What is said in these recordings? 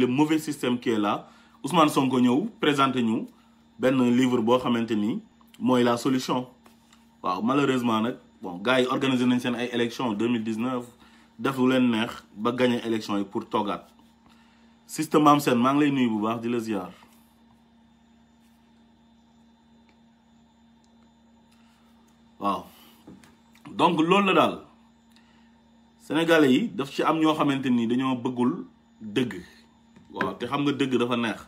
le mauvais système qui est là Ousmane ñëw présenté ñu benn livre boo xamante ni mooy la solution waaw malheureusement nag bon gars yi organisé nañ seen ay élections 2019 def lu leen neex ba gagné élection yi pour toogaat système am seen maa ngi lay nuyu bu baax di la ziar. waaw donc loolu la daal sénégalais yi daf ci am ñoo xamante ni dañoo bëggul dëgg. waaw te xam nga dëgg dafa neex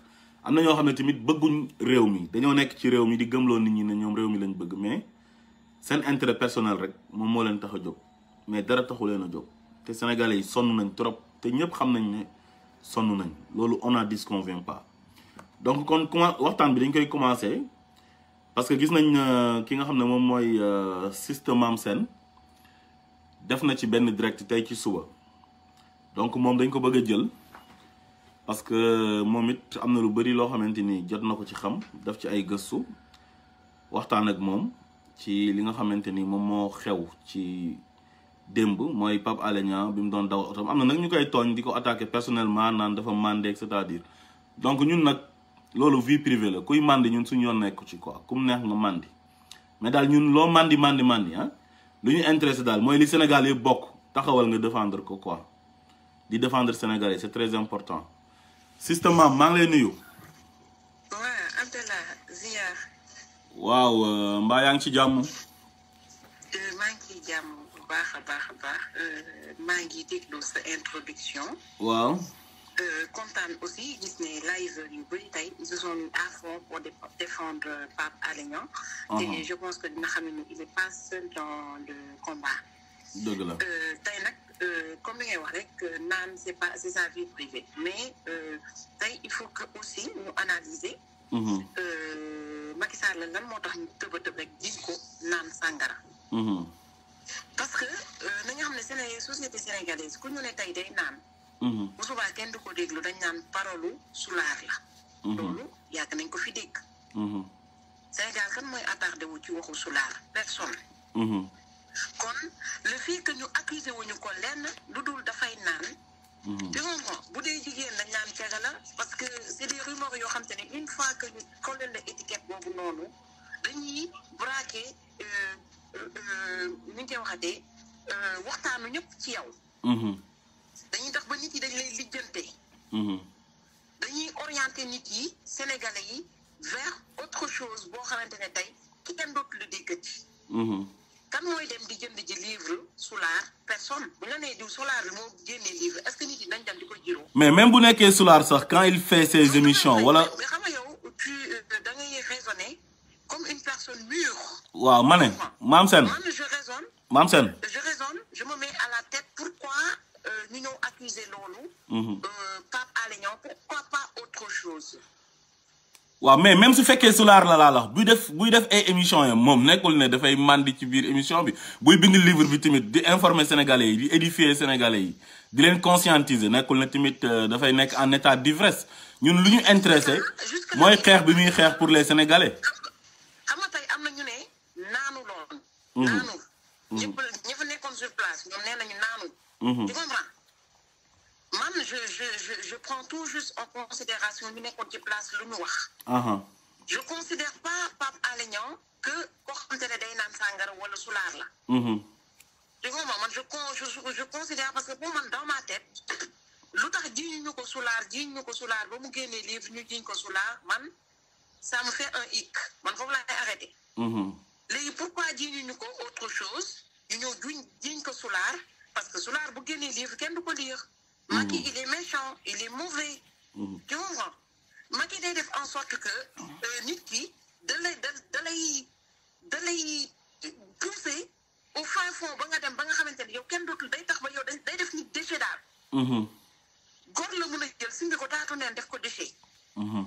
am na ñoo xam ne tamit bëgguñ réew mi dañoo nekk ci réew mi di gëmloo nit ñi ne ñoom réew mi lañu bëgg mais seen intérêt personnel rek moom moo leen tax a jóg mais dara taxu leen a jóg te sénégalais yi sonn nañ trop te ñëpp xam nañ ne sonn nañ loolu on a disconvient pas donc kon comment waxtaan bi dañ koy commencer parce que gis nañ euh, ki nga xam ne moom mooy système am seen def na ci benn direct tey ci suba donc moom dañ ko bëgg a jël. parce que moom it am na lu bëri loo xamante ni jot na ko ci xam daf ci ay gëstu waxtaan ak moom ci li nga xamante ni moom moo xew ci démb mooy Pape Alé Niang bi mu doon daw oto am na nag ñu koy tooñ di ko attaqué personnellement naan dafa mandé cest à donc ñun nag loolu vie privée la kuy mandi ñun suñu yoon nekku ci ak quoi mu neex nga mandi mais daal ñun loo mandi mandi mandi ah lu ñu intéressé daal mooy li Sénégal bokk taxawal nga défendre ko quoi di défendre Sénégalais c'est très important. sista maam maa ngi lay nuyu. waa Abdallah ziar. waaw euh, mbaa ngi ci jàmm. Euh, maa ngi ciy jàmm bu baax a baax a baax euh, maa ngi déglu sa introduction. waaw. kontaan aussi gis ne live yu bëri tey ils se sont mis à fond pour défendre Pape Alé Niang. Uh-huh. je pense que dina xam ne il est pas seul dans le combat. dëgg la euh, tey nag euh, comme li ngay wax rek euh, naan c' est pas c' est sa vie privée mais tey il faut que aussi ñu analyser. Mhm. Macky Sall lan moo tax ñu tëb a tëb rek jiñ ko naan sàngara. Mhm. parce que na xam ne Sénégal société sénégalaise ku ñu ne tey day naan. Mhm. bu subaa kenn du ko déglu dañ naan parolu sulaar la. loolu yàgg nañ ko fi dégg. Sénégal kan mooy attardé wu ci waxu sulaar personne. kon le fait que ñu accusé wuñu ko lenn lu dul dafay naan mm-hmm. tu ma bu dee jigéen dañ naan caga la parce que c'est des rumeurs yoo xam te ne une fois que ñu collé la étiquette boobu noonu dañuy braqué euh, euh, euh, ni ñu koy waxatee waxtaanu ñëpp ci yow mm-hmm. dañuy tax ba nit yi dañ lay mm-hmm. dañuy orienté nit yi sénégalais yi vers autre chose boo xamante ne tey ki kenn dootu lu déggati kan mooy dem di jënd ji livre Solar personne bu la nee diw Solar bi moo génnee livre est-ce que nit yi dañ dem di ko jiroo mais même bu nekkee Solar sax quand il fait ses émissions wala. xam euh, da ngay raisonner comme une personne mûre. waaw ma ne maam Sène man je raisonne. maam Sène je raisonne je me mets à la tête pourquoi ñu euh, ñëw accuser loolu. Mhm. Euh, Pape Alé pourquoi pas autre chose. waaw mais même su fekkee Solaar la laa la buy def buy def ay émission ya moom nekkul ne dafay màndi ci biir émission bi buy bind livre bi tamit di informer sénégalais yi di édifier sénégalais yi di leen conscientiser nekkul ne tamit euh, dafay nekk en état d'ivresse ñun lu ñu intéressé mooy xeex bi muy xeex pour les sénégalais. xam nga am na ñu ne naanu man je je je prends tout juste en considération ñu nekkoon ci place lu ñu wax. je considère pas Pape Alé Niang que koo xamante day naan sàngara wala sulaar la. Mhm. tu vois man je con considère parce que pour man dans ma tête lu tax jiñ ñu ko sulaar jiñ ñu ko sulaar ba mu génnee livre ñu jiñ ko sulaar man sa me fait un hic man foofu laay arrêté. Mhm. léegi pourquoi jiñu ñu ko autre chose ñu ñëw juñ jiñ ko sulaar parce que sulaar bu génnee livre kenn du ko lire. Macky il est méchant il est mauvais. Mm. tu comprends Macky day def en sorte que euh, nit ki da lay da lay da lay pousser au fin fond ba nga dem ba nga xamante ne yow kenn dootul day tax ba yow day def nit déchet daal. Mm-hmm. góor la mu a jël simbi ko taatu neen def ko déchet. Mm-hmm.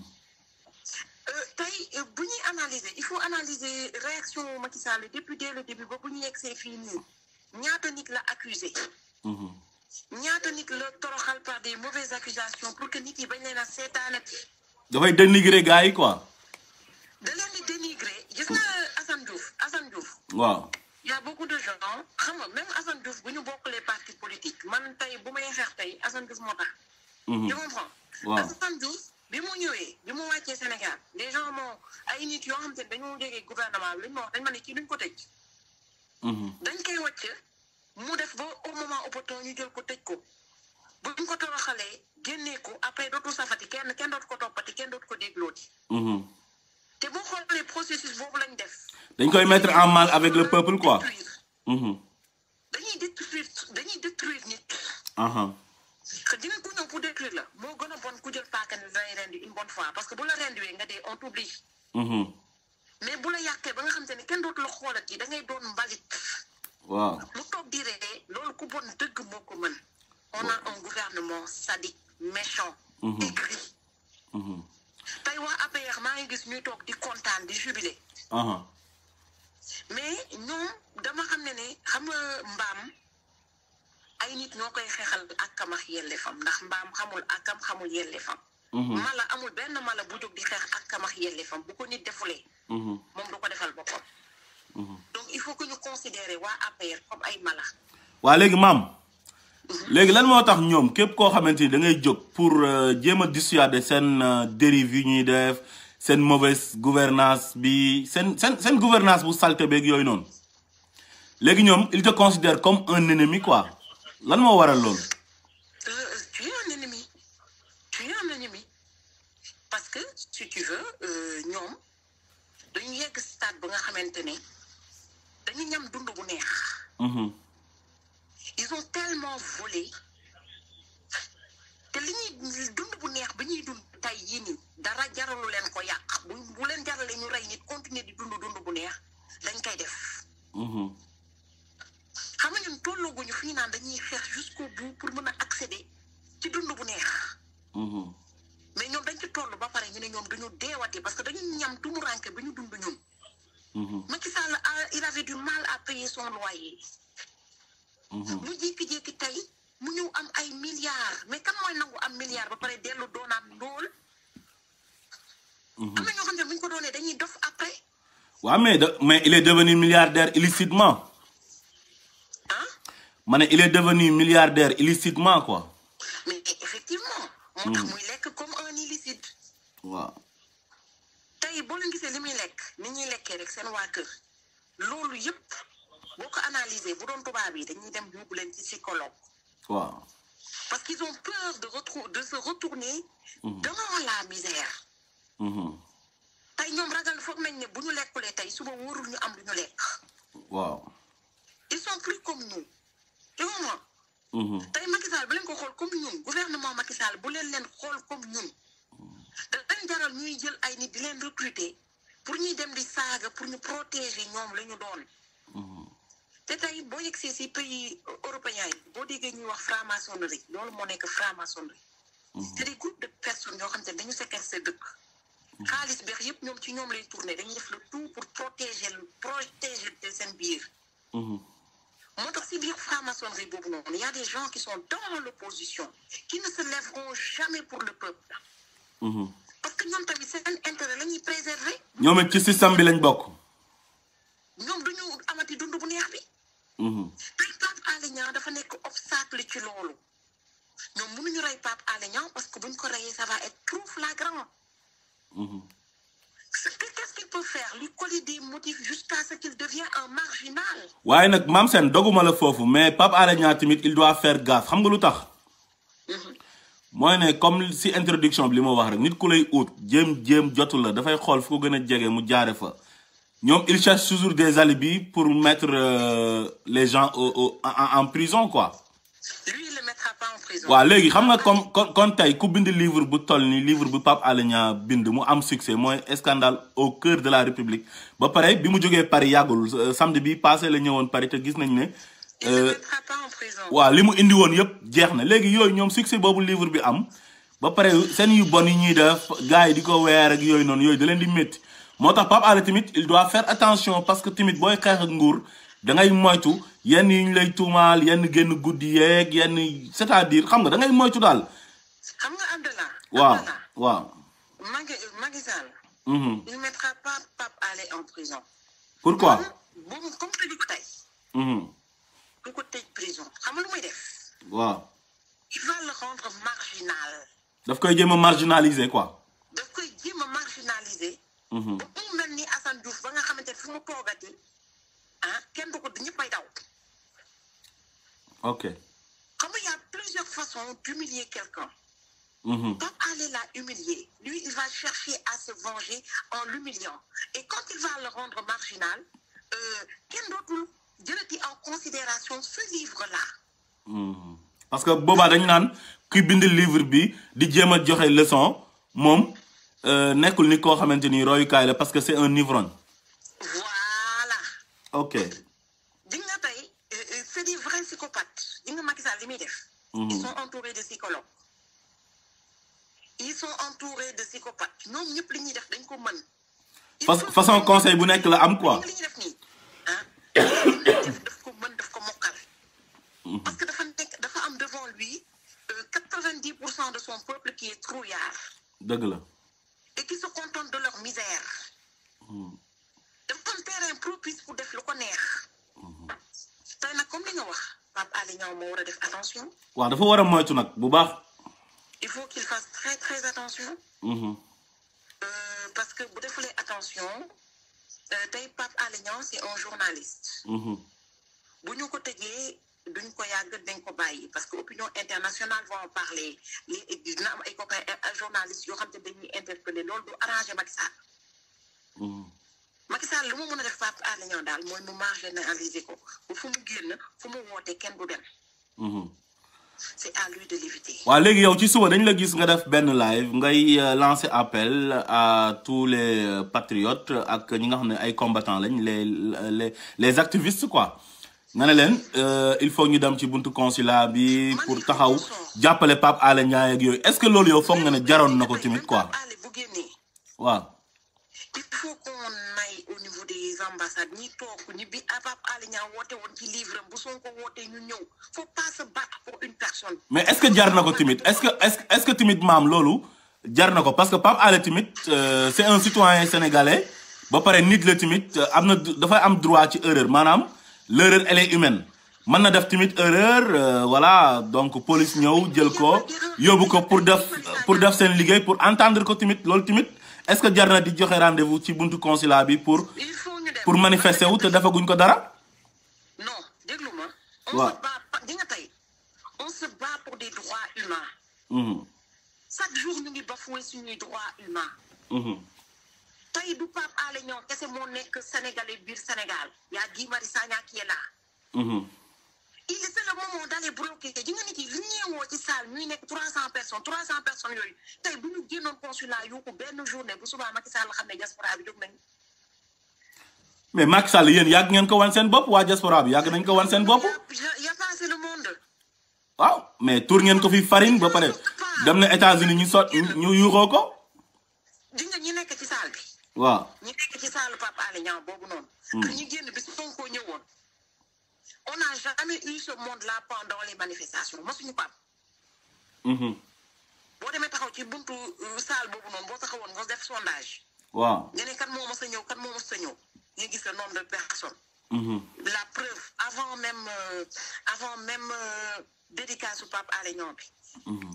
Euh, tey euh, bu ñuy analyser il faut analyser réaction Macky Sall depuis dès le début ba bu ñu yegg see fii ñaata nit la accusé. Mm-hmm. ñaata nit la toroxal par des mauvaises accusations pour que nit yi bañ leen a seetaanati. dafay dénigrer gars yi quoi. da leen di dénigrer gis nga Assane Diouf Assane Diouf. waaw. y a beaucoup de gens xam nga même Assane Diouf bu tey bu may xeex tey Assane Diouf moo tax. Mhm. tu comprends. waaw Assane Diouf bi mu ñëwee bi mu wàccee Sénégal les gens moom ay nit yoo xam te ne dañoo jógee gouvernement bi li ñu ma wax kii duñ ko tëj. Mhm. dañ koy wàcc. mu def ba au moment opportun ñu jël ko tëj ko buñ ko toroxalee génnee ko après dootu safati kenn dootu ko toppati kenn dootu ko déglooti. Mhm. te boo xoolee processus boobu lañ def. dañ koy mettre en mal avec le peuple quoi. dañuy détruire mhm. dañuy détruire nit. que dina ku ñëw pour détruire la moo gën a bon ku jël paaka dangay rendi une bonne fois parce que bu la rendiwee nga dee on t'oublie. Mhm. mais bu la yàqee ba nga xam te ne kenn dootu la xoolat yi da ngay doon mbalit. waaw mu toog di loolu ku bon dëgg moo ko mën on a un gouvernement sadique méchant mhm. aigri mhm. tey waa APR maa ngi gis ñuy toog di kontaan di jubilé mais ñoom dama xam ne ne xam nga mbaam ay nit ñoo koy xeexal ak kamax ak fam ndax mbaam xamul ak am xamul yellefam mhm. mala amul benn mala bu jóg di xeex akam ak yellefam bu ko nit defulee moom du ko defal boppam donc il faut que ñu considérer waa waa léegi maam. Mhm. léegi lan moo tax ñoom képp koo xamante ni da ngay jóg pour euh, jéem a de seen euh, dérive yu ñuy def seen mauvaise gouvernance bi seen seen seen gouvernance bu salte beeg yooyu noonu léegi ñoom il te considère comme un ennemi quoi lan moo waral loolu. Euh, tu un ennemi parce que si tu veux ñoom dañu yegg stade ba nga xamante ne. dañu ñam dund bu neex. Mm-hmm. ils ont tellement volé te li ñuy dund bu neex ba ñuy dund tey yii nii dara jaralu leen ko yàq bu bu leen jaralee ñu rey nit continuer di dund dund bu neex dañ koy def. Mm-hmm. xam nga ñun tollooguñu fi ñu naan dañuy xeex jusqu'au bout pour mën a accéder ci dund bu neex. Mm-hmm. mais ñoom dañ ci toll ba pare ñu ne ñoom duñu deewati parce que dañu ñam tumuranke ba ñu dund ñun. Mm-hmm. Macky Sall euh, il avait du mal à payer son loyer. Mm-hmm. mu jékki-jékki tey mu ñëw am ay milliards mais kan mooy nangu am milliards ba pare dellu doonaam ndóol. Mm-hmm. am na ñoo xam ne bu ko doonee dañuy dof après. waaw mais de mais il est devenu milliardaire illicitement. ah. ma ne il est devenu milliardaire illicitement quoi. mais effectivement. moo tax muy lekk comme un illicite. waaw. léegi boo leen gisee li muy lekk ni ñuy lekkee rek seen waa kër loolu yëpp boo ko analyser bu doon tubaab yi dañuy dem yóbbu leen ci psychologue. waaw parce qu'ils ont peur de retrou de se retourner. Mhm. devant la misère. Mhm. tey ñoom ragal nañ ne bu ñu lekkulee tey suba warul ñu am lu ñu lekk. waaw. ils sont plus comme nous. tu vois. Mhm. tey Macky Sall bu leen ko xool comme ñun gouvernement Macky bu leen leen xool comme ñun. da leen jaral ñuy jël ay nit di leen recruter pour ñuy dem di saaga pour ñu protéger ñoom la ñu doon. Mm-hmm. te tey boo yegsee si pays européens yi boo déggee ñuy wax franc-maçonnerie loolu moo nekk franc-maçonnerie. Mm-hmm. c'est des groupes de personne yoo xam te ne dañu séquestré dëkk. Mm-hmm. xaalis beex yëpp ñoom ci ñoom lay tourné dañuy def le tout pour protéger protéger seen biir. moo tax si biir franc-maçonnerie boobu y a des gens qui sont dans l'opposition qui ne se lèveront jamais pour le Mm-hmm. parce que ñoom tamit seen intérêt la ñuy préserver. ñoom it ci système bi lañ bokk. ñoom du ñu amati dund bu neex bi. Mm-hmm. tey Pape Alé dafa nekk obstacle ci loolu ñoom mënuñu rey Pape Alé parce que buñ ko reyee ça va être trop flagrant. Mm-hmm. ce que qu'est-ce qu'il peut faire lui coller des motifs jusqu'à ce qu'il devient un marginal. waaye nag maam seen doguma la foofu mais Pape Alé Niang tamit il doit faire gaffe xam nga lu tax. mooy ne comme si introduction bi li ma wax rek nit ku lay ut jéem jéem jotu la dafay xool foo ko gën a jege mu jaare fa ñoom il cherche toujours des alibis pour mettre euh, les gens en prison quoi. lui il le mettra waaw léegi xam nga comme kon kon tey ku bind livre bu toll nii livre bu Pape Alé bind mu am succès mooy scandale au cœur de la République ba pare bi mu jógee Paris yàggul euh, samedi bi passé la ñëwoon Paris te gis nañ ne. Euh, waaw li mu indi woon yëpp jeex na léegi yooyu ñoom succès boobu livre bi am ba pare seen yu bon yi ñuy def gars yi di ko weer ak yooyu noonu yooyu da leen di métti moo tax Pape Alé tamit il doit faire attention parce que tamit booy xeex ak nguur da ngay moytu yenn yu ñu lay tuumaal yenn génn guddi yeeg yenn c'est-à-dire xam nga dangay ngay moytu daal. xam nga Abdallah. waaw waaw. Macky Macky Sall. Mhm. il en prison. pourquoi. comme du ko tëj prison xam nga lu muy def. waaw. il va le rendre marginal. daf koy jéem a marginaliser quoi. daf koy jéem a marginaliser. Mhm. ba mu mel ni Assane Diouf ba nga xamante ne fu mu toogati ah kenn du ko du ñëpp ay daw. ok. xam nga y' a plusieurs façons d'humilier quelqu'un Mmh. Donc, aller la humilier. Lui, il va chercher à se venger en l'humiliant. Et quand il va le rendre marginal, euh, jëlati en considération ce livre là. Mhm. parce que boobaa dañu naan kuy bind livre bi di jéem a joxe leçon moom euh, nekkul ni koo xamante ni royukaay la parce que c'est un ivrogne. voilà. ok. di nga tey euh, euh, c'est des vrais psychopathes di nga Macky Sall li muy def. Mhm. ils sont entourés de psychologues. ils sont li ñuy def dañ ko mën. façon conseil bu nekk la am quoi. def ko mën def ko mokkal mhm. parce que dafa nekk dafa am devant lui euh, quatre-vingt-dix pour cent de son peuple qui est trouillard dëgg la et qui se contente de leur misère mhm. dafa am terrain propice pour def lu ko neex mhm. tey nag comme li nga wax Pape Alé moo war a def attention waaw dafa war a moytu nag bu baax il faut qu'il fasse très très attention euh, parce que bu defulee attention Euh, tey Pape Alé Niang c'est un journaliste. Mhm. bu ñu ko tëjee duñ ko yàgg dañ ko bàyyi parce que opinion internationale va en parler dina am ay copains journalistes yoo xam te dañuy interpeller loolu du arrangé Macky Sall. Mhm. Macky Sall lu mu mun a def Pape Alé daal mooy mu marginaliser ko ba fu mu génn fu mu wootee kenn du dem. Mhm. c'est waaw léegi yow ci suba dañ la gis nga def benn live ngay euh, lancer appel à tous les euh, patriotes ak ñi nga xam ne ay combattants lañ les les les activistes quoi nga ne leen euh, il faut ñu dem ci buntu consulat bi pour taxaw jàppale pap Alé Niang ak yooyu est-ce que loolu yow foog nga ne jaroon na ko tamit quoi waaw. faut qu'on aille au toog ñi bi ah, Pape Alé Niang woote woon ci livre bu Sonko wootee ñu ñëw faut pas se battre mais est que jar na ko tamit est que est-ce que tamit maam loolu jar na ko parce que Pape Alé tamit euh, c'est un citoyen sénégalais ba pare nit la tamit euh, am na dafay am droit ci erreur maanaam l'erreur elle humaine. mën na def tamit erreur wala euh, donc police ñëw jël ko yóbbu ko pour def pour def seen liggéey pour entendre ko tamit loolu tamit. est-ce que jar na di joxe rendez-vous ci buntu consulat bi pour pour manifester wu te defaguñ ko dara. non déglu ma. waaw di nga tey on se bat mm-hmm. jour ñu ngi bafoué suñuy droits mm-hmm. du Pape Alé Niang kese moo nekk Sénégalais biir Sénégal y a Guy Marius Sagna il était le moment d'aller bloquer ji nga nit yi li ñuy woo ci salle ñuy nekk trois cent personnes trois cent personnes yooyu tey bu ñu génnoon consulat yu benn journée bu subaa Macky Sall xam ne diaspora bi jóg nañ mais Macky Sall yéen yàgg ngeen ko wan seen bopp waa diaspora bi yàgg nañ ko wan seen bopp c'est le monde waaw mais tour ngeen ko fi farine ba pare dem na États-Unis ñu sot ñu yuuxoo ko di ñi nekk ci salle bi waaw ñi nekk ci salle Pape Alé Niang boobu noonu ak hmm. ñi génn bis on n'a jamais eu ce monde-là pendant les manifestations mosuñu ko mhm. boo demee taxaw ci buntu euh, saal boobu noonu boo taxawoon nga def sondage. waaw nga ne kan moo mos a ñëw kan moo mos a ñëw nga gis le nombre de personnes. Mhm. la preuve avant même euh, avant même euh, dédicace su Pape Alé Niang mhm.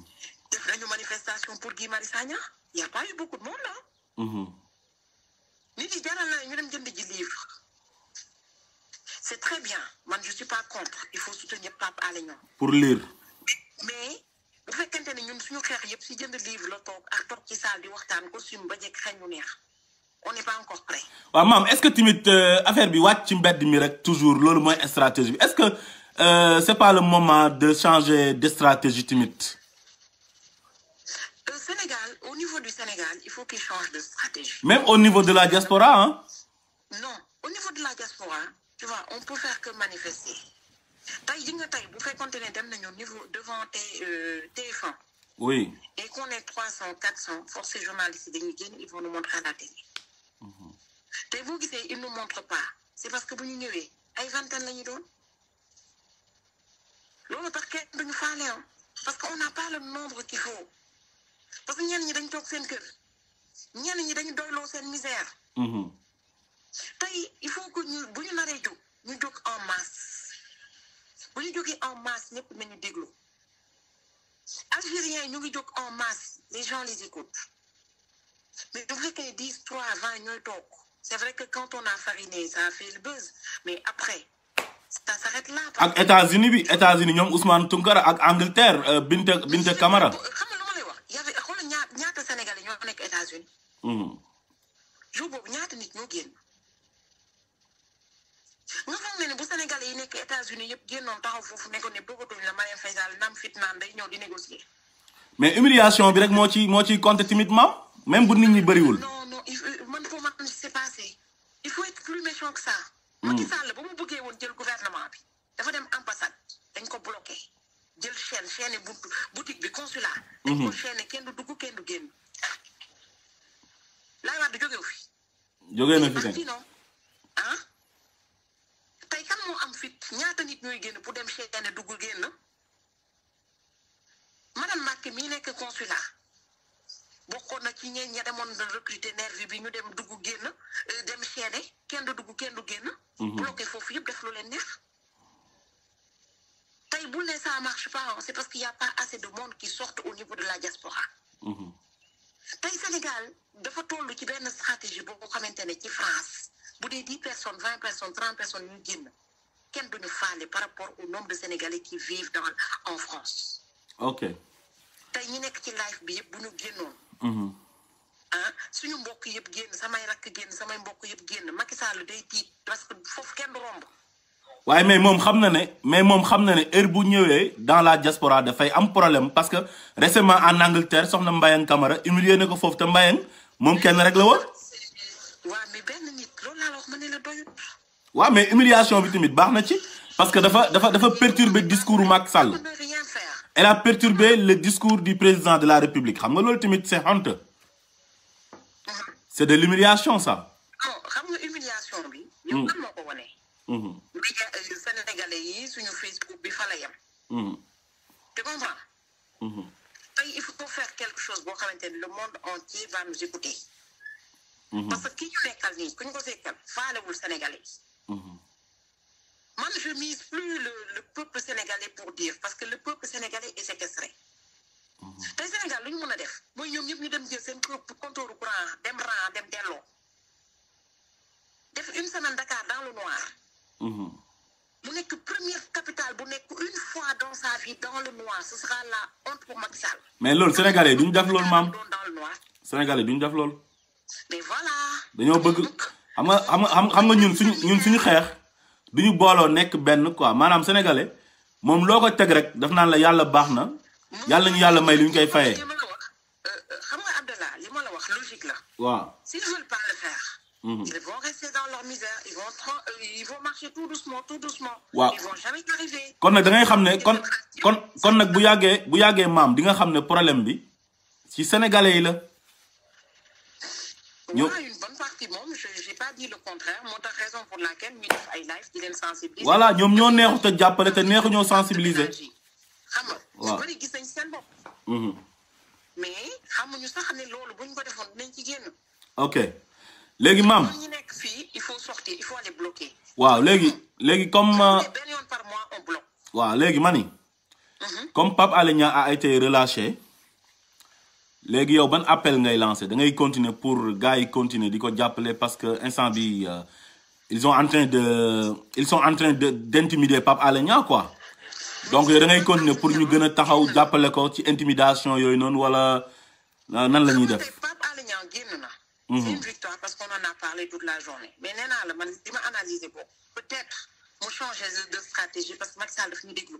def nañu manifestation pour Guy Marius Sagna y a pas eu beaucoup de nit yi jaral na dem jënd ji livre. c'est très bien man je suis pas contre il faut soutenir Pape Alé pour lire. mais bu fekkente ne ñun suñu xeex yëpp si jënd livre la toog ak toog ci saal ba njëkk xëy ñu neex que euh, affaire bi wàcc ci mbedd mi rek toujours loolu mooy stratégie bi est-ce que euh, c'est pas le moment de changer de stratégie tamit. au euh, Sénégal au niveau du Sénégal il faut qu'il change de même au niveau de la diaspora non au niveau de la diaspora. tu vois on peut faire que manifester tey ji nga tey bu fekkonte ne dem nañu niveau devant TF1. Euh, oui et qu'on est trois cent quatre cent forcé journalistes yi dañuy génn ils vont nous montrer la télé. Mhm. te boo gisee ils nous montrent pas c'est parce que bu ñu ñëwee ay vingtaine la ñu doon loolu tax kenn duñu faale parce que on n'a pas le nombre qu'il faut parce que ñenn ñi dañ toog seen kër ñenn ñi dañu doyloo seen misère. Mhm. tey il faut que ñu bu ñu naree jóg ñu jóg en masse bu ñu jógee en masse ñëpp nañu déglu algériens yi ñu ngi jóg en masse les gens les écoutent mais bu fekkee trois vingt ñooy toog c'est vrai que quand on a fariné ça a fait le mais après ça s'arrête là. ak États-Unis bi États-Unis ñoom Ousmane Tounkara ak Angleterre Binta euh, Binta Camara. xam nga lu ma lay wax y' avait ñaata Sénégalais ñoo nekk États-Unis. Hmm. jour ñaata nit ñoo génn. nga xam ne ne bu sénégalais yi nekk États-Unis yëpp génnoon taxaw foofu nekkoon ne bëggatuñ la Marième Faye Sall nam fit naan day ñëw di négocier. mais humiliation bi rek moo ci moo ciy compter tamit maam même bu nit ñi bëriwul. non non il faut man foo man c'est passé il faut être plus méchant que ça. Hmm. ba mu bëggee woon jël gouvernement bi dafa dem ambassade dañ ko bloqué jël chaîne chaîne bu boutique bi consulat. Hmm. dañ ko chaîne kenn du dugg kenn du génn. Laay Wade jógewu fi. jógee tey kan moo am fit ñaata nit ñooy génn pour dem chaîne dugg génn madame Macky mii nekk consulat bokkoon na ci ñeen ña demoon na recruter nervi bi ñu dem duggu génn euh, dem chaîne kenn duggu kenn du génn. Mhm. bloqué foofu yëpp def lu leen neex. tey bu ne ça marche pas c'est parce qu'il y a pas assez de monde qui sortent au niveau de la diaspora. Mhm. tey Sénégal dafa toll ci benn stratégie boo ko xamante ne ci France. bu dee dix personnes vingt personnes trente personnes ñu génn kenn duñu faale par rapport au nombre de Sénégalais qui vivent dans en France. ok tey ñi nekk ci live bi yëpp bu ñu génnoon. Mhm. ah suñu mbokk yëpp génn samay rakk génn samay mbokk yëpp génn Macky Sall day tiit parce que foofu kenn romb. waaye mais moom xam na ne mais moom xam na ne heure bu ñëwee dans la diaspora dafay am problème parce que récemment en Angleterre soxna Mbayang Camara na ko foofu te Mbayang moom kenn rek la laa la wax ma ne la mais humiliation bi tamit baax na ci parce que dafa dafa dafa perturber discours Macky Sall. elle a perturbé le discours du président de la République xam nga loolu tamit se honteux. c'est de l'humiliation ça. non xam nga humiliation bi. ñoom kan hmm. moo ko wane. Hmm. Euh, sénégalais yi suñu Facebook bi fa hmm. xamante ni le monde entier va Mm-hmm. parce que ki ñu nekkal nii ku ñu ko sekkal faalewul sénégalais yi mm-hmm. man je mise plus le le peuple sénégalais pour dire parce que le peuple sénégalais est séquestré mm-hmm. tey Sénégal lu ñu mën a def mooy ñoom ñëpp ñu dem jël seen compteur courant dem ran dem delloo def une semaine Dakar dans le noir mu nekk première capitale bu nekk une fois dans sa vie dans le noir ce sera la honte pour Macky Sall mais loolu sénégalais duñu def loolu maam sénégalais duñu def loolu mais dañoo bëgg xam nga xam nga xam nga ñun suñu ñun suñu xeex du ñu booloo nekk benn quoi maanaam sénégalais moom loo ko teg rek daf naan la yàlla baax na yàlla ñu yàlla may lu ñu koy fayee. Euh, xam nga Abdallah li ma la wax la. waaw s'ils ne veulent pas le faire. Mhm. ils vont rester kon nag dangay xam ne kon kon kon nag bu yàggee bu yàggee maam di nga xam ne problème bi ci sénégalais yi la. ñoo une bonne partie moom je j'ai pas dit le contraire moo tax raison pour laquelle ñu def ay live di leen sensibiliser. voilà ñoom ñoo neexu te jàppale te neexu ñoo sensibiliser. xam nga. waaw ñu bëri gis nañ seen bopp. Mm-hmm. mais xamuñu sax ne loolu buñ ko defoon dinañ ci génn. ok léegi maam. ñu nekk fii il faut sortir il faut aller bloquer. waaw léegi mm-hmm. léegi comme. Euh, benn yoon par mois on bloque. waaw léegi ma ni. Mm-hmm. comme Pape Alé Niang a été relâché. léegi yow ban appel ngay lancé da ngay continuer pour gars yi continuer di ko jàppale parce que instant bi euh, ils sont en train de ils sont en train de d'intimider Pape Alé Niang quoi donc yow da ngay continuer pour ñu gën a taxaw jàppale ko ci intimidation yooyu noonu wala euh, nan la ñuy def. Pape Alé Niang na. Mhm. c'est une victoire a parlé toute la journée mais nee naa la man di ma analyser ko peut-être mu changer de stratégie parce que Macky Sall daf déglu.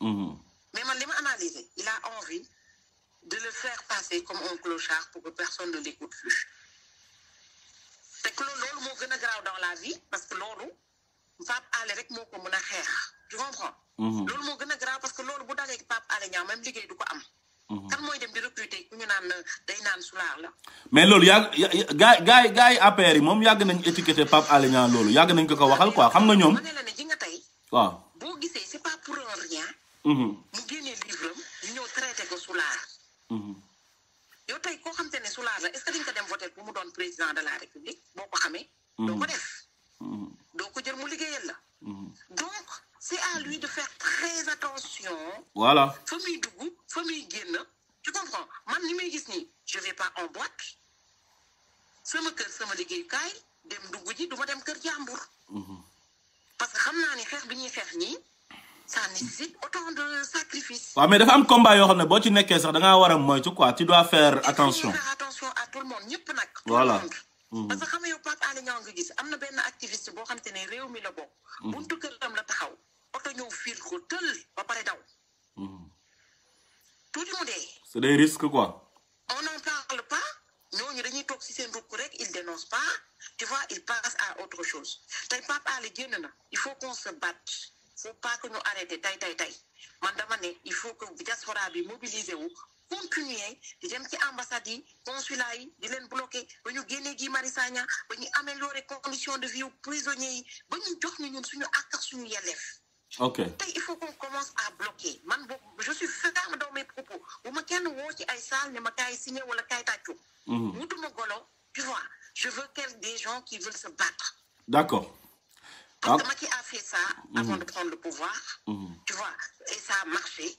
Mhm. mais man li ma analyser il a envie. de le faire passer comme un clochard pour que personne ne l'écoute plus te loolu moo gën a garaaw dans la vie parce que loolu Pape Alé rek moo ko mën a xeex tu comprends. Mhm. moo gën a garaaw parce que loolu bu dalee Pape Alé ñaaw même liggéey du ko am. Mhm. kan mooy dem di recruter ku ñu naan euh, day naan sulaar la. mais loolu yàgg gaa gaa gaa yi APR yi moom yàgg nañ étiqueté Pape Alé loolu yàgg nañu ko ko waxal quoi xam nga ñoom. ma nga tey. waaw boo gisee c'est pas pour rien. Mhm. mu génnee livre am ñëw traité ko sulaar. Mm-hmm. yow tey koo xam te ne soulage la est-ce que dañ ko dem voté bu mu doon président de la république boo ko xamee. doo ko mm-hmm. def. Mm-hmm. do ko jël mu liggéeyal la. donc c'est à lui de faire très attention. voilà fa muy dugg fa muy génn. tu comprends man ni may gis ni je vais pas en boîte sama kër sama liggéeyukaay dem dugg ji du ma dem kër mbur parce que xam naa ni xeex bi ñuy xeex nii. waaw mais dafa am combat yoo xam ne boo ci nekkee sax da ngaa war a moytu quoi tu dois faire attention. attention à tout le monde ñëpp nag. voilà. Mhm. parce que xam nga yow Pape Alé Niang gis am na benn activiste bo xam te ne réew mi la bokk. Mhm. buntu këram la taxaw oto ñëw fiir ko tël ba pare daw. Mhm. tuuti mu dee. c'est des risque quoi. prisonniers ba ñu jox ñu ñun suñu àq su suñu yelleef ok tey il faut qu'on commence à bloquer man boobu je suis ferme dans mes propos bu ma kenn woo ci ay saal ne ma kaay signé wala kaay tàccu mhm. wutuma golo tu vois je veux qu'il des gens qui veulent se battre d'accord parce que ah. Macky a fait ça mhm. avant de prendre le pouvoir mhm. tu vois et ça a marché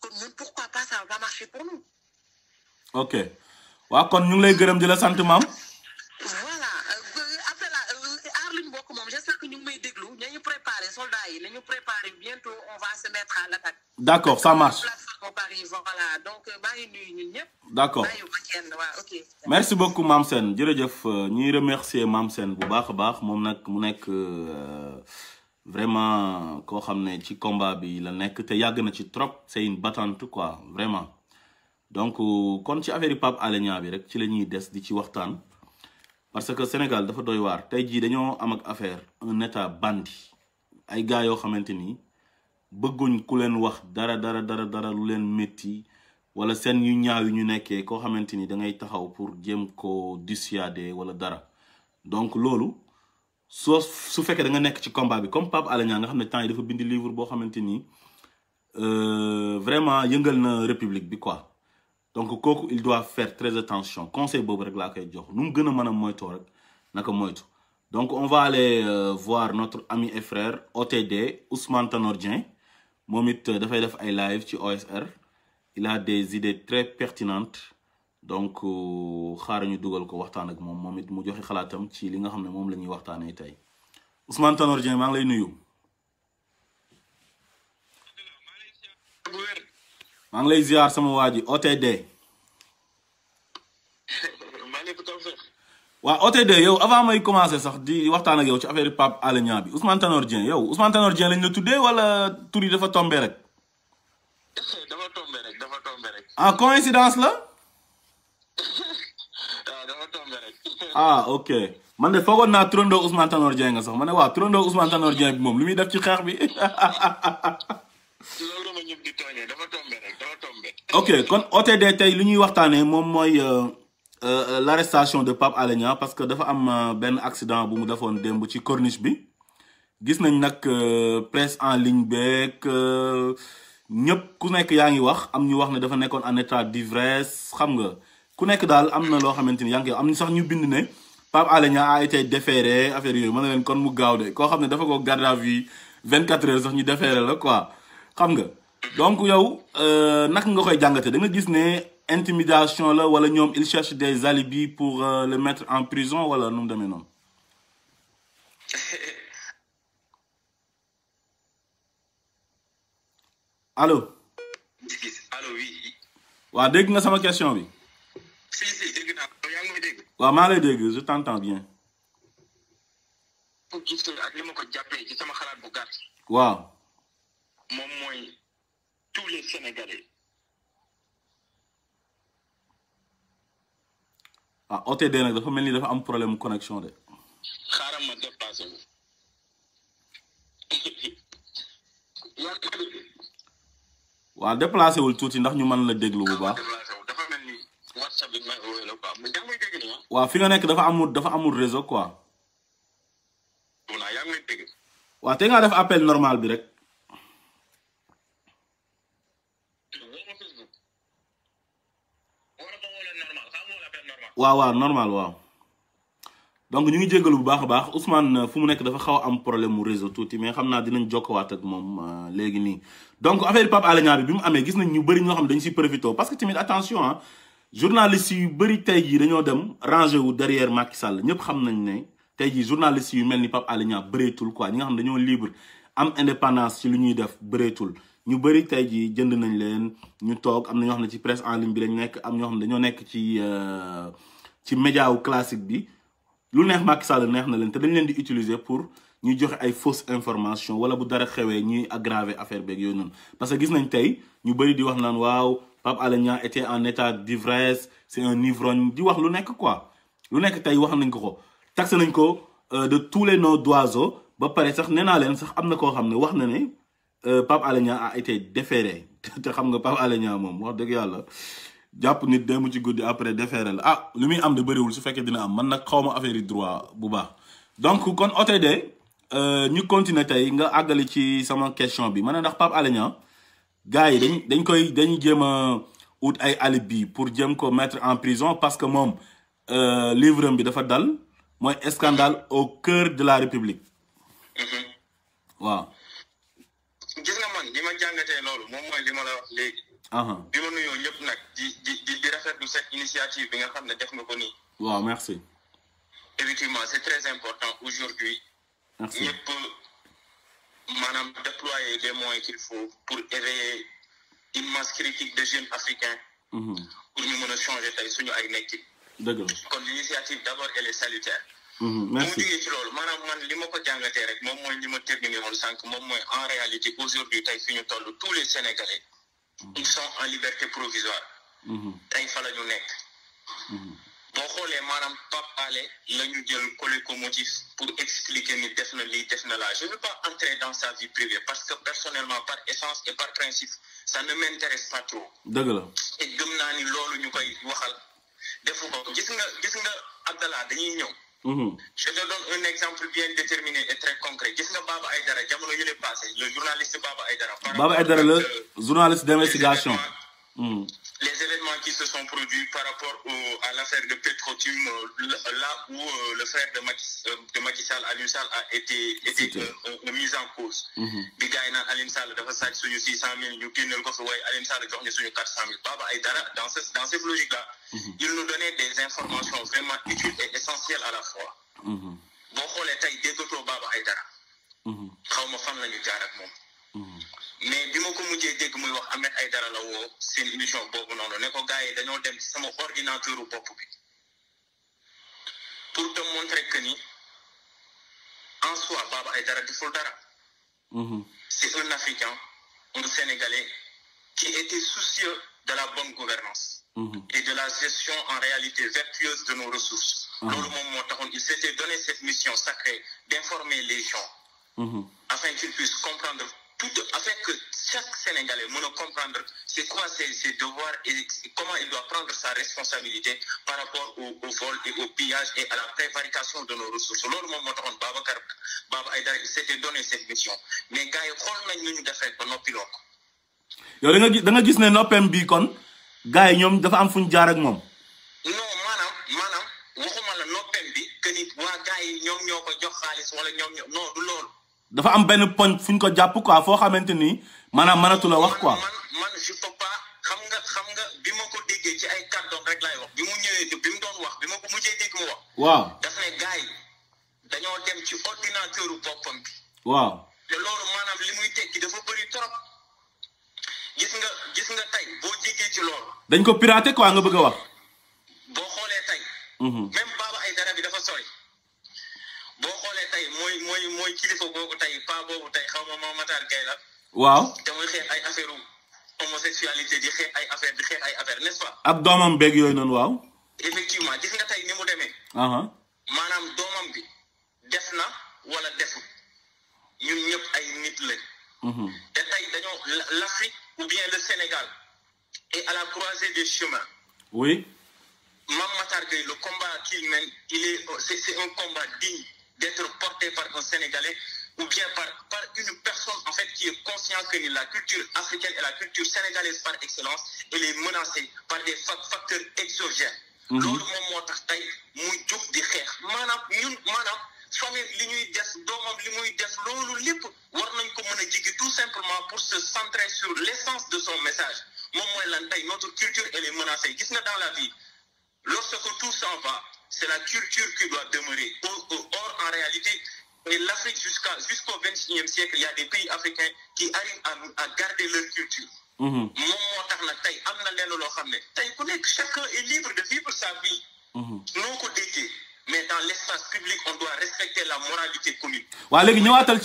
kon pourquoi pas ça va marcher pour nous ok waaw kon ñu ngi lay gërëm di la sant maam d'accord ça marche. voilà donc euh, maa ngi nuyu ñun merci beaucoup Mame Sène jërëjëf euh, ñuy remercier maam Sène bu baax a baax moom nag mu nekk euh, vraiment koo xam ne ci combat bi la nekk te yàgg na ci trop c'est batant battante quoi vraiment. donc kon ci affaire yi Pape Alé bi rek ci la ñuy des di ci waxtaan parce que Sénégal dafa doy waar tey jii dañoo am ak affaire un état bandit ay gars yoo xamante ni. bëgguñ ku leen wax dara dara dara dara lu leen métti wala seen yu ñaaw ñu nekkee koo xamante ni da ngay taxaw pour ko koo dissuader wala dara donc loolu soo su fekkee da nekk ci combat bi comme Pape Alé Niang nga xam ne temps yi dafa bindi livre boo xamante ni euh, vraiment yëngal na république bi quoi donc kooku il doit faire très attention conseil boobu rek laa koy jox nu mu gën a mën a moytoo rek naka moytu donc on va aller euh, voir notre ami et frère OTD Ousmane Tanor Dieng moom it euh, dafay def ay live ci OSR il a des idées très pertinentes donc euh, xaaral ñu dugal ko waxtaan ak moom moom it mu joxe xalaatam ci li nga xam ne moom la ñuy waxtaanee tey Ousmane Tanor Dieng maa ngi lay nuyu. maa ngi lay ziar sama waa ji OTD. waa OTD yow avant may commencé sax di waxtaan ak yow ci affaire Pape Alé Niang bi Ousmane Tanor Dieng yow Ousmane Tanor Dieng la tuddee wala tur dafa tombé rek. dafa tombé rek dafa tombé rek. ah coïncidence la. Ah, dafa tombé rek. ah ok man de foogoon naa turandoo Ousmane Tanor Dieng nga ma ne waa turandoo Ousmane Tanor bi moom lu muy def ci xeex bi. loolu dafa tombé ok kon OTD tey lu ñuy waxtaanee moom mooy. Euh, Euh, euh, l' arrestation de Pape Alé parce que dafa am euh, benn accident bu mu defoon démb ci corniche bi gis nañ nag presse en ligne beeg ñëpp ku nekk yaa ngi wax am ñu wax ne dafa nekkoon en état d'ivresse xam nga ku nekk daal am na loo xamante ni yaa ngi am sax ñu bind ne Pape alena Niang a été déféré affaire yooyu mën na leen kon mu gaaw de koo xam ne dafa ko garde à vue 24 heures sax ñu déféré la quoi xam nga donc yow naka nga koy jàngate danga gis ne. intimidation la wala ñoom il cherche des alibis pour euh, le mettre en prison wala nu mu demee alo allo. allo oui. waaw nga sama question bi. si si dégg naa je t'entends bien. pour gis ak ma ko jàppee bu gàtt. waaw. mooy tous les Sénégalais. ah OTD nag dafa mel ni dafa am problème connexion de. xaaral ma wul tuuti ndax ñu mën la déglu bu baax. waaw fi nga nekk dafa amul dafa amul réseau quoi. waaw te nga def appel normal bi rek. waaw waaw normal waaw donc ñu ngi jéggalu bu baax a baax Ousmane euh, fu mu nekk dafa xaw am problème mu réseau tuuti mais xam naa dinañ jokkowaat ak moom euh, léegi nii donc affaire Pape Alé bi mu amee gis nañ ñu bëri ñoo xam dañ si profité parce que tamit attention ah yu bëri tey jii dañoo dem rangé wu derrière Macky Sall ñëpp xam nañ ne tey jii journaliste yu mel ni Pape Alé Niang bëreetul quoi ñi nga xam dañoo libre am indépendance ci lu ñuy def bëreetul ñu bëri tey jii jënd nañ leen ñu toog am na wax xam ci presse en ligne bi lañ nekk am ñoo xam ne dañoo nekk ci euh, ci média wu bi lu neex Macky Sall neex na leen te dañ leen di utiliser pour ñu joxe ay fausse information wala bu dara xewee ñuy aggraver affaire beeg yooyu ñun parce que gis nañ tey ñu bëri di wax naan waaw Pape Alé Niang était en état d'ivresse c'est un ivrogne di wax lu nekk quoi lu nekk tey wax nañ ko ko taxe nañ ko euh, de tous les noms d'oiseaux ba pare sax nee naa leen sax am na koo xam ne wax na ne Euh, Pape Alé Niang a été déféré te xam nga Pape Alé moom wax dëgg yàlla jàpp nit mu ci guddi après déféré la ah lu muy am de bëriwul su fekkee dina am man nag xaw ma affaire yi droit bu baax donc kon OTD euh, ñu continuer tey nga àggali ci sama question bi ma ne ndax Pape Alé Niang gars yi dañ dañ koy dañu jéem a ut ay alibi pour jëm ko mettre en prison parce que moom euh, livre bi dafa dal mooy scandale au cœur de la République mm-hmm. waaw li ma jàngatee loolu moom mooy li ma la wax léegi. bi ma nuyoo ñëpp nag di di di rafetlu cette initiative bi nga xam ne def nga ko nii. waaw merci. effectivement c'est très important aujourd'hui merci ñëpp maanaam déployer les moyens qu'il faut pour éveiller une masse critique de jeunes africains. Mhm. pour ñu mën a changer tey suñu ay nekkin. dëgg la kon l'initiative d'abord elle est salutaire. Mhm, merci bu mu loolu maanaam man li ma ko jàngatee rek moom mooy li ma terminé woon sànq moom mooy en réalité aujourd'hui tey fi ñu tollu tous les sénégalais. Mhm. ils sont en liberté provisoire. Mhm. tey fa la ñu nekk. boo xoolee maanaam Pape Alé la ñu jël collé ko pour expliquer ni def na li def na laa je ne veux pas entrer dans sa vie privée parce que personnellement par essence et par principe ça ne m'intéresse pas trop. dëgg la et naa ni loolu ñu koy waxal defu ko gis nga gis nga Abdallah dañuy ñëw. Mm-hmm. je te donne un exemple bien déterminé et très concret gis Baba Aydara jamono yu ne passé le journaliste Baba la euh, journaliste les événements qui se sont produits par rapport au, à l'affaire de Petrotim, euh, là où euh, le frère de Macky, euh, de Macky Sall, Alioune Sall, a été, été euh, mis en cause. Mm-hmm. bi gars yi naan Alioune dafa sàcc suñu 600000 ñu génneel ko fi waaye Alioune Sall jox ñu suñu 400000 Baba Aïdara dans cette logique là. Mm-hmm. il nous donnait des informations vraiment utiles et essentielles à la fois. Mm-hmm. boo xoolee tey déggatoo Baba Aïdara. xaw ma fan la ñu jaar ak moom. mais bi ma ko mujjee dégg muy wax Ahmed Aïdara la woo seen émission boobu noonu ne ko gars yi dañoo dem ci sama ordinateur bopp bi pour te montrer que ni en soi Baba Aïdara deful dara. Mm-hmm. c'est un Africain un Sénégalais qui était soucieux de la bonne gouvernance mm-hmm. et de la gestion en réalité vertueuse de nos ressources. Mm-hmm. loolu moom moo taxoon il s'était donné cette mission sacrée d'informer les gens. afin qu'ils puissent comprendre. tout afin que chaque Sénégalais mën a comprendre c'est quoi ses, ses devoirs et comment il doit prendre sa responsabilité par rapport au, au vol et au pillage et à la prévarication de nos ressources loolu moom moo taxoon Babacar Baba Aïdara il s'était donné cette mission mais gars yi xool nañ nu ñu defee ba noppiloo ko yow da nga gis da nga gis ne noppeem bii kon gars ñoom dafa am fu ñu jaar ak moom non maanaam maanaam waxuma la noppeem bi que ni waa gars yi ñoom ñoo ko jox xaalis wala ñoom ñoo non loolu dafa am benn poñ fu ñu ko jàpp quoi foo xamante ni maanaam mënatu la wax quoi. man man je peux xam nga xam nga bi ma ko déggee ci ay kàddoom rek laay wax bi mu ñëwee bi mu doon wax bi ma ko mujjee dégg mu wax. waaw daf ne gars yi dañoo dem ci ordinateur boppam bi. waaw te loolu maanaam li muy tekki dafa bëri trop. gis nga gis nga tey boo jéggee ci loolu. dañ ko piraté quoi nga bëgg a wax. boo xoolee tey. Mm-hmm. même ay Aïdara bi dafa sori. boo xoolee tey mooy mooy mooy kilifa googu tey pa boobu tey xaw ma ma Matar Gueye la. waaw te muy xeex ay affaire homosexualité di xeex ay affaire di xeex ay affaire n'est-ce pas. ak doomam beeg yooyu noonu waaw. effectivement gis nga tey ni mu demee. maanaam doomam bi def na wala defut ñun ñëpp ay nit lañ. Mhm. te tey dañoo l'Afrique ou bien le Sénégal est à la croisée des chemins. oui. Mame Matar le combat qu'il mène il est un combat digne. d'être porté par un Sénégalais ou bien par, par une personne en fait qui est consciente que la culture africaine et la culture sénégalaise par excellence, elle est menacée par des facteurs exogènes. Mhm. loolu moom moo tax tey muy jóg di xeex maanaam ñun maanaam famille li ñuy def doomam li muy def loolu lépp war nañ ko mën a jigi tout simplement pour se centrer sur l'essence de son message moom mooy lan tey notre culture elle est menacée gis nga dans la vie lorsque tout s'en va c'est la culture qui doit demeurer. Or, en réalité, l'Afrique jusqu'à jusqu'au 21e siècle, il a des pays africains qui arrivent à, garder leur culture. Mm-hmm. moo tax na tey am na lenn loo xam ne tey ku nekk chacun est libre de vivre sa vie. Mm-hmm. noo ko déggee mais dans l'espace public on doit respecter la moralité commune. waaw léegi ñëwaatal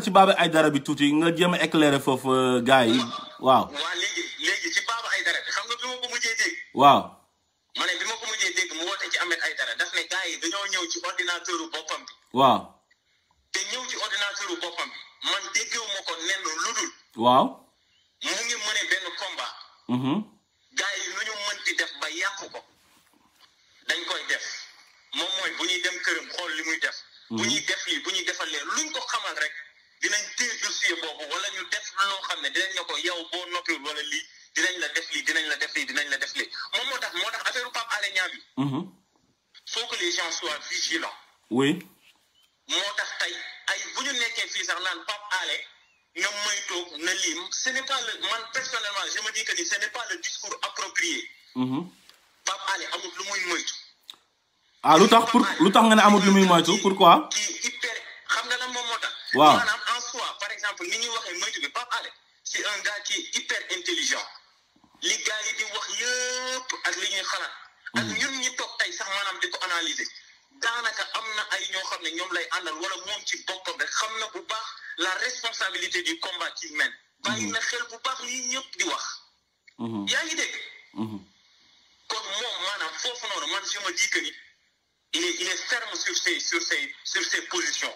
ci ci Baba Aïdara bi tuuti nga jéem a éclairer foofu euh, gars yi waaw. waaw léegi ci Baba Aïdara xam nga bi ma ko mujjee ma ne bi ma ko mujjee dégg mu woote ci Ahmed Aïdara daf ne gars yi dañoo ñëw ci ordinateur u boppam bi. waaw. te ñëw ci ordinateur u boppam bi man déggewu ma ko nenn ludul. waaw. mu ngi mëne benn combat. Mm-hmm. gars yi lu ñu mënti def ba yàqu ko dañ koy def moom mooy bu ñuy dem këram xool li muy def. bu ñuy mm-hmm. def lii bu ñuy defal lee luñ ko xamal rek dinañ téye dossier boobu wala ñu def loo xam ne dinañ ne ko yow boo noppi wala lii. dinañ la def lii dinañ la def lii dinañ la def lii moom moo tax moo tax affaire Pape Alé Niang bi. Mhm. faut que les gens soient vigilants. moo tax tey ay bu ñu nekkee fii sax naan Pape Alé na moytoo na lim ce n'est pas man personnellement je ma dis que ni ce n'est pas le discours approprié. Mhm. Pape Alé amut lu muy moytu. ah lu tax pour lu tax nga ne amut lu muy moytu pourquoi. xam nga lan moom moo tax. waaw maanaam en soi par exemple ni ñuy waxee moytu bi Pape Alé c'est un gars qui est hyper li gars yi di wax yëpp ak li ñuy xalaat. ak hmm. ñun ñi toog tey sax maanaam di ko analyser daanaka am na ay ñoo xam ne ñoom lay àndal wala moom ci boppam rek xam na bu baax la responsabilité du combat qu'il mène. bàyyi hmm. na xel bu baax lii ñëpp di wax. Hmm. yaa ngi dégg. kon moom maanaam foofu noonu man je me dis que ni il est sur ses sur ses sur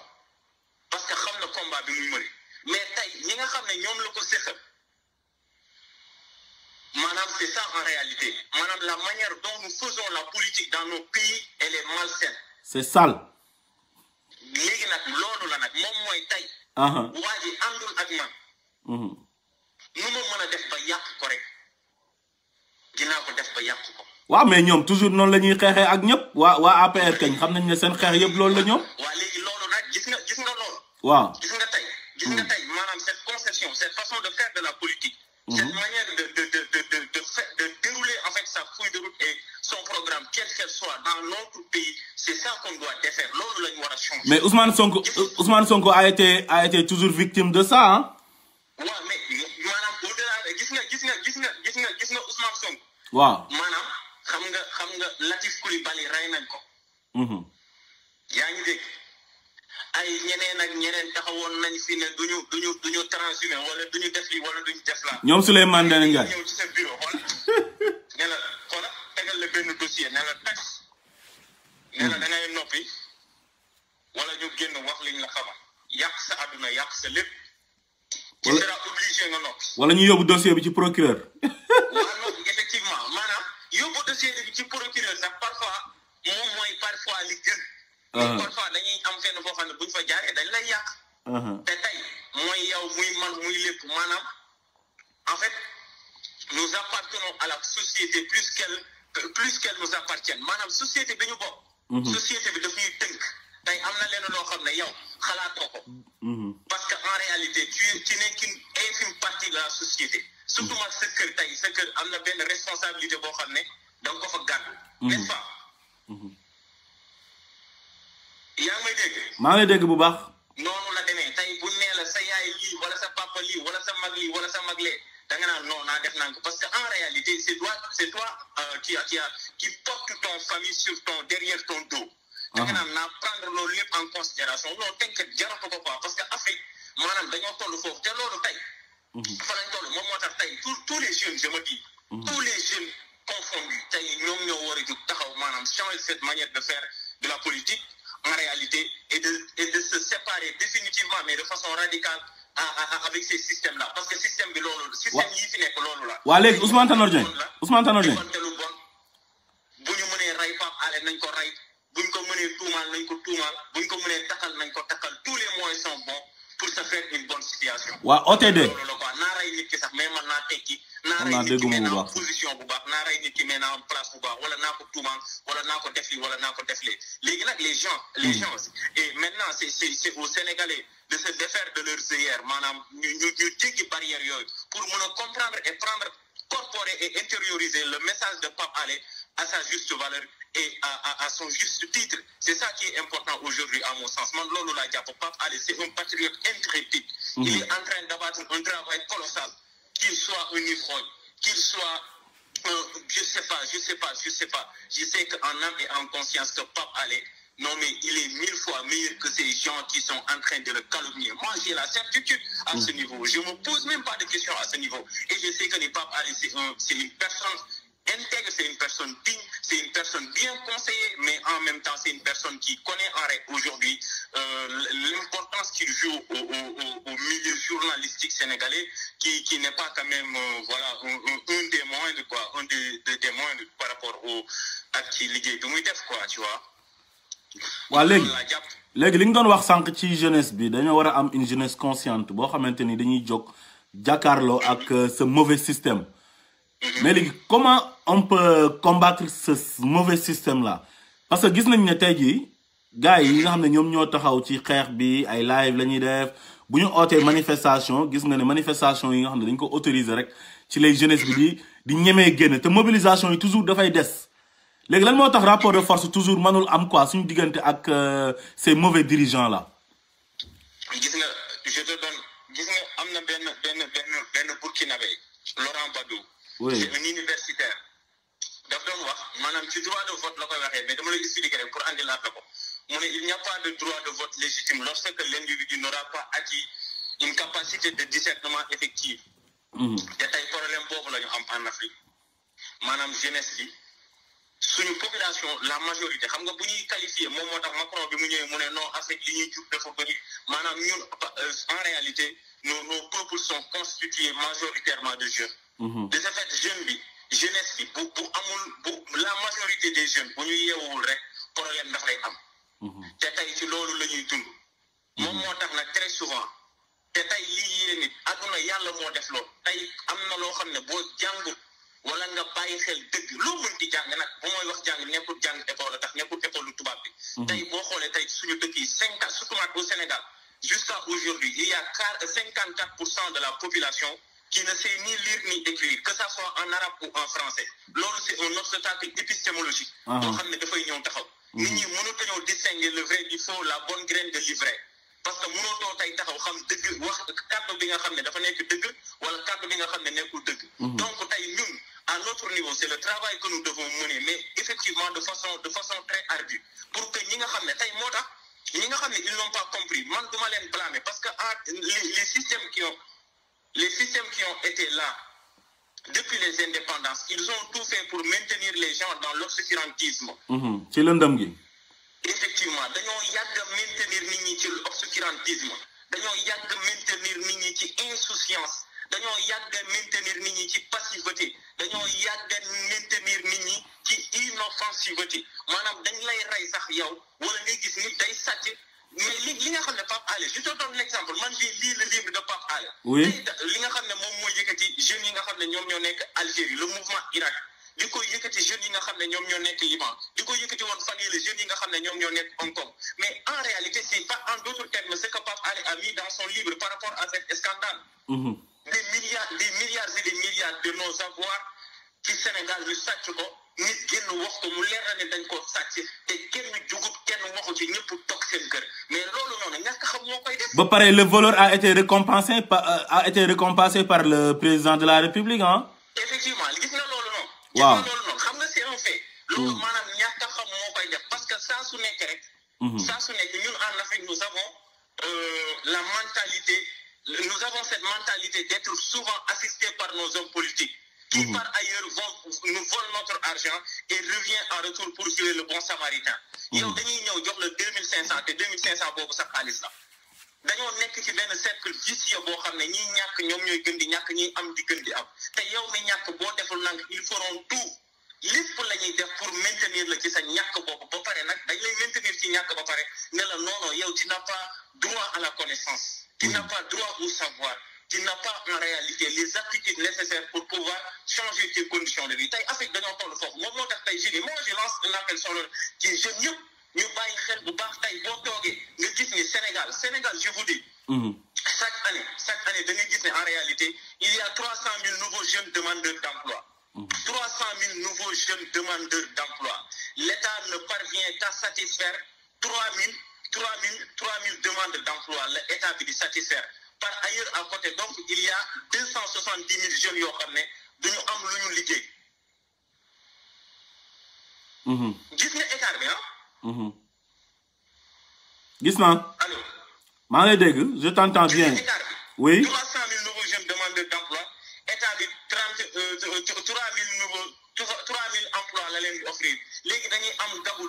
parce que xam na combat bi muy mëne mais tey ñi nga xam ne ñoom la ko seqal. Madame, c'est ça en réalité. Madame, la manière dont nous faisons la politique dans nos pays, elle est malsaine. C'est sale. léegi nag loolu la nag moom mooy tey. waa ji ak man. Mhm. nu ma mën a def ba yàq ko rek dinaa ko def ba yàq ko. waaw mais ñoom toujours noonu la ñuy xeexee ak ñëpp waa waa APR kañ xam nañ ne seen xeex yëpp loolu la ñoom. waa léegi loolu nag gis nga gis gis nga tey. gis mhm. maanaam cette conception cette façon de faire de la politique. cette mhm. manière de. sa feuille de route et son programme quel qu'elle soit dans notre pays c'est ça qu'on doit défaire loolu la ñu mais Ousmane Sonko euh, Ousmane Sonko a été a été toujours victime de ça ah. waaw mais maanaam gis nga gis nga gis nga gis nga gis nga Ousmane sonk waaw maanaam xam nga xam nga Latif Coulibaly rey nañ ko. Mhm. yaa ngi dégg. ay ñeneen ak ñeneen taxawoon nañ fi ne duñu duñu duñu transhumé wala duñu def lii wala duñu def laa. ñoom Souleymane Ndéné Ndiaye ñëw ci sa bureau xool ne la xoola tegal la benn dossier ne la tax ne hmm. noppi wala ñu génn wax liñ la xamal yàq sa àdduna yàq sa lépp. wala tu seras wala ñu yóbbu dossier bi ci procureur. waaw effectivement maanaam yóbbu dossier bi ci procureur sax parfois moom mooy parfois li mais uh-huh. parfois dañuy am fenn foo xam ne buñ fa jaaree dañ lay yàq. Uh-huh. te tey mooy yow muy man muy lépp maanaam en fait nous appartenons à la société plus qu'elle plus qu'elle nous appartient maanaam société bi ñu bokk. Uh-huh. société bi daf ñuy tënk tey am na lenn loo xam ne yow xalaat ko. parce que en réalité ci tu n'es qu'une infime partie de la société. surtout ma sa kër tey sa am na benn responsabilité boo xam ne da nga ko fa gàddu. nest pas. yaa ngi may dégg. maa ngi dégg bu baax. noonu la demee tey bu nee la sa yaay lii wala sa papa lii wala sa mag lii wala sa mag lee da nga naan non naa def naa ko parce que en réalité c' est toi c' est toi euh, qui a qui a ton famille sur ton derrière ton dos. da nga ah. naan naa prendre loolu lépp en considération loolu tënkat jaratu ko quoi parce que Afrique maanaam dañoo toll foofu te loolu tey. Mhm. fa lañ toll moom moo tax tey tous tous les jeunes je me dis. Mhm. tous les jeunes confondus tey ñoom war a jóg taxaw maanaam changer cette manière de faire en réalité et de, se séparer définitivement, mais de façon radicale à, avec ces systèmes-là. Parce que système bi loolu système yii fi nekk loolu la. waa léegi Ousmane Tanor Dieng Ousmane Tanor Dieng. bu ñu mënee rey Pape Alé nañ ko rey bu ñu ko mënee tuumaal nañ ko tuumaal bu ñu ko mënee takkal nañ ko takkal tous les moyens sont bons pour se faire une bonne situation. waa OTD loolu la quoi nit ki sax mais man naa tekki. naa rey nit ki mais naa am position bu baax naa rey nit ki mais naa am place bu baax wala naa ko tuumaan wala naa ko def lii wala naa ko def lee léegi nag les gens les hmm. gens et maintenant c'est c'est c'est aux Sénégalais de se défaire de leurs œillères maanaam ñu ñu ñu jéggi barrière yooyu pour mën a comprendre et prendre corporer et intérioriser le message de Pape Alé à sa juste valeur et à, à, à son juste titre. C'est ça qui est important aujourd'hui, à mon sens. Mandlolo Ladiapo Pape Alé, c'est un patriote intrépide. Mm -hmm. Il est en train d'abattre un travail colossal. qu'il soit un ivrogne, qu'il soit euh, je sais pas, je sais pas, je sais pas. Je sais en conscience, que Pape Allais, non mais il est mille fois meilleur que ces gens qui sont en train de le calomnier. Moi, j'ai la certitude à ce mm. niveau. Je ne me pose même pas de questions à ce niveau. Et je sais que les papes Allais, c'est une personne intègre, c'est une personne digne, c'est une personne bien conseillée, mais en même temps, c'est une personne qui connaît aujourd'hui euh, l'importance qu'il joue au, au, au, milieu journalistique sénégalais, qui, qui n'est pas quand même euh, un, un, un, des quoi, un des, des, des par rapport au, à qui l'idée de quoi, tu vois. waaw léegi léegi li nga doon wax sànq ci jeunesse bi dañoo war a am une jeunesse consciente boo xamante ni dañuy jóg jàkkaarloo ak euh, ce mauvais système mais léegi comment on peut combattre ce mauvais système la parce que gis nañ ne tey jii gars yi nga xam ne ñoom ñoo taxaw ci xeex bi ay live la ñuy def bu ñu ootee manifestation gis nga ne manifestation yi nga xam ne dañ ko autoriser rek ci les jeunesse bi di di ñemee génn te mobilisation yi toujours dafay des léegi lan moo tax rapport de force toujours mënul am quoi suñu diggante ak euh, ces mauvais dirigeants la am na benn benn benn benn oui c'est un universitaire. daf doon wax maanaam ci droit de vote la koy waxee mais dama lay expliquer rek pour andi la ko mu ne il n'y a pas de droit de vote légitime lorsque l'individu n'aura pas acquis une capacité de discernement effective. Mhm. te tey problème boobu lañu ñu am en Afrique maanaam jeunesse bi suñu population la majorité xam nga bu ñuy qualifié moom moo tax Macron bi mu ñëwee mu ne non Afrique li ñuy jur dafa bëri maanaam ñun en réalité nos nos peuples sont constitués majoritairement de jeunes. Mm-hmm. de ce fait jeune bi jeunesse bi bu bu amul bu la majorité des jeunes bu ñu yeewul rek leen problème dafay am. Mm-hmm. te tey ci loolu la ñuy dund. moom mm-hmm. moo tax nag très souvent te tey lii yéen nit àdduna yàlla moo def loolu tey am na loo xam ne boo jàngul wala nga bàyyi xel dëgg loo mën di jàng nag bu mooy wax jàng nekkul jàng école la tax nekkul école lu tubaab bi. tey boo xoolee tey suñu dëkk yi cinquante surtout nag au Sénégal jusqu'à aujourd'hui il y a cinquante quatre pour cent de la population. qui ne sait ni lire ni écrire, que ça soit en arabe ou en français. Loolu c'est un obstacle épistémologique. Ah. boo xam ne dafay ñëw taxaw. Mm-hmm. nit ñi mënut a distinguer le vrai du faux, la bonne graine de l'ivraie. parce que mënoo too taxaw xam dëgg wax kàddu bi nga xam ne dafa nekk dëgg wala kàddu bi nga xam ne nekkul dëgg. Mm-hmm. donc tey ñun à notre niveau c'est le travail que nous devons mener mais effectivement de façon très ardue pour que ñi nga xam ne tey moo tax ñi nga xam ne ils n'ont pas compris man parce que ah les les systèmes les systèmes qui ont été là depuis les indépendances, ils ont tout fait pour maintenir les gens dans l'obscurantisme. Mhm. C'est l'endam gi. Effectivement, dañoo yàgg maintenir nit ñi ci l'obscurantisme. dañoo yàgg maintenir ni ñi ci insouciance. dañoo yàgg maintenir nit ñi ci passivité. dañoo yàgg maintenir ni ñi ci inoffensivité. maanaam dañ lay rey sax yow wala ngay gis nit day sàcc. mais li li nga xam ne Pape Alé li te doon l'exemple man fii lii la livre de Pape Alé. li nga xam ne moom mooy yëkkati jeunes yi nga xam ne ñoom ñoo Algérie le mouvement Irak. di ko yëkkati jeunes yi nga xam ne ñoom ñoo nekk Liban di ko yëkkati woon fan yi les jeunes yi nga xam ne ñoom ñoo nekk Hong Kong mais en réalité c'est pas en d'autres termes ce que Pape Alé a dans son livre par rapport à scandale. Mhm. des milliards et des milliards de nos avoirs ci Sénégal nit génn wax ko mu leer na ne dañ koo sàcc te génn jugub kenn waxu ci ñëpp toog seen kër mais loolu noonu ñàkk xam moo koy def. ba pare le voleur a été récompensé par euh, a été récompensé par le président de la république ah. effectivement gis nga loolu noonu. waaw gis nga loolu noonu xam nga c'est un fait. Hmm. loolu maanaam ñàkk xam moo koy def parce que saa su nekk rek. Hmm. saa su nekk ñun en Afrique nous avons euh, la mentalité nous avons cette mentalité d'être souvent assistés par nos hommes politiques. qui mhm. par ailleurs vont, nous vole notre argent et revient en retour pour filer le bon samaritain. Mhm. yow dañuy ñëw jox la deux mille cinq cent te deux mille cinq cent boobu sa xaalis la dañoo nekk ci benn cercle vicieux boo xam ne ñiy ñàkk ñoom ñooy gën di ñàkk ñiy am di gën di am te yow mi ñàkk boo deful nang ils feront tout lépp la ñuy def pour maintenir la ci sa ñàkk boobu ba pare nag dañ lay maintenir ci ñàkk ba pare ne la non non yow tu n'as pas droit à la connaissance tu mhm. n'as pas droit au savoir tu n'as pas en réalité les aptitudes nécessaires pour pouvoir changer tes conditions de vie tey Afrique dañoo toll foofu moom moo tax tey jeunes yi moi je lance un appel sur le ci jeunes yëpp ñu bàyyi nga gis ni Sénégal Sénégal je vous dis. Mm-hmm. chaque année chaque année da ne en réalité il y a trois cent mille nouveaux jeunes demandeurs d'emploi. Mm-hmm. trois cent mille nouveaux jeunes demandeurs d'emploi l'État ne parvient qu'à satisfaire trois mille trois mille trois mille demandes d'emploi l'État satisfaire. par ailleurs à côté donc il y a deux cent soixante dix mille yoo xam ne du ñu am lu ñu liggéey. Mhm. gis nga écart bi ah. Mhm. gis naa. allo. maa ngi lay dégg je t'entends bien. oui. trois cent mille nouveaux jeunes demandeurs d'emploi état bi trente euh, trois mille nouveaux trois mille emplois la leen di offrir léegi dañuy am dabu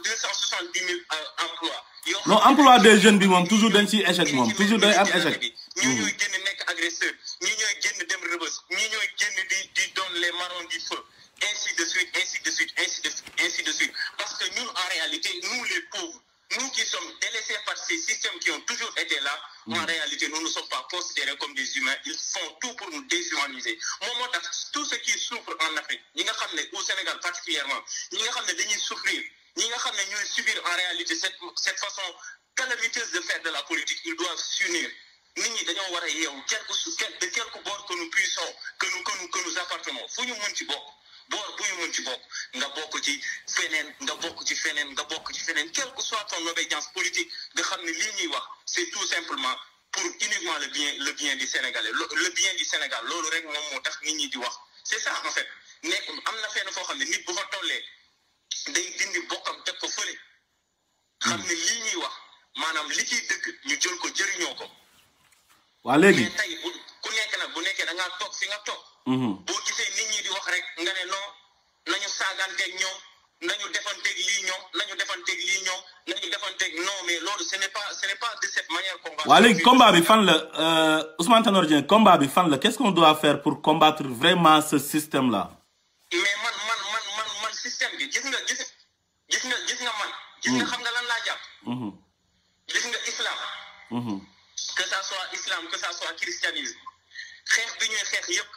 mille euh, emplois. non emploi des jeunes bi moom toujours dañ ciy échec moom toujours day am échec. ñii hmm. ñooy génn nekk agresseur ñii ñooy génn dem rëbës ñii ñooy génn di di doon les marrons du feu ainsi de suite ainsi de suite ainsi de suite ainsi de suite parce que ñun en réalité nous les pauvres nous qui sommes délaissés par ces systèmes qui ont toujours été là mmh. en réalité nous ne sommes pas considérés comme des humains ils font tout pour nous déshumaniser moom moo tax tout ce qui souffre en Afrique ñi nga xam ne au Sénégal particulièrement ñi nga xam ne dañuy souffrir ñi nga xam ne ñooy subir en réalité cette cette façon calamiteuse de faire de la politique ils doivent s'unir nit ñi dañoo war a yeewu quelque de quelque bord que nous puissions que nous que nous ñu mën ci bokk boor bu ñu mën ci bokk nga bokk ci feneen nga bokk ci feneen nga bokk ci feneen quelle que soit ton obédience politique nga xam ne lii ñuy wax c'est simplement pour uniquement bien le bien du Sénégalais le bien du Sénégal loolu rek moom moo tax nit ñi di wax c'est ça en am na fenn foo xam ne nit bu fa tollee day dindi bokkam teg ko fële xam ne lii ñuy wax maanaam li ciy dëkk ñu jël ko jëriñoo ko waa léegi mais tey bu ku nekk nag bu nekkee da ngaa toog fi nga toog. Mhm. boo gisee nit ñi di wax rek nga ne non nañu saaganteeg ñoom nañu defanteeg lii ñoom nañu defanteeg lii ñoom nañu defanteeg non mais loolu ce n'est pas ce n'est pas de cette manière. combat bi fan la euh, Ousmane Tanor Dieng combat bi fan la qu'est-ce qu'on doit faire pour combattre vraiment ce système la mais man man man man man système bi gis nga gis gis nga gis nga man. gis nga mhm. xam nga lan laa jàpp. Mhm. gis nga islam. que ça soit islam que ça soit christianisme xeex bi ñuy xeex yëpp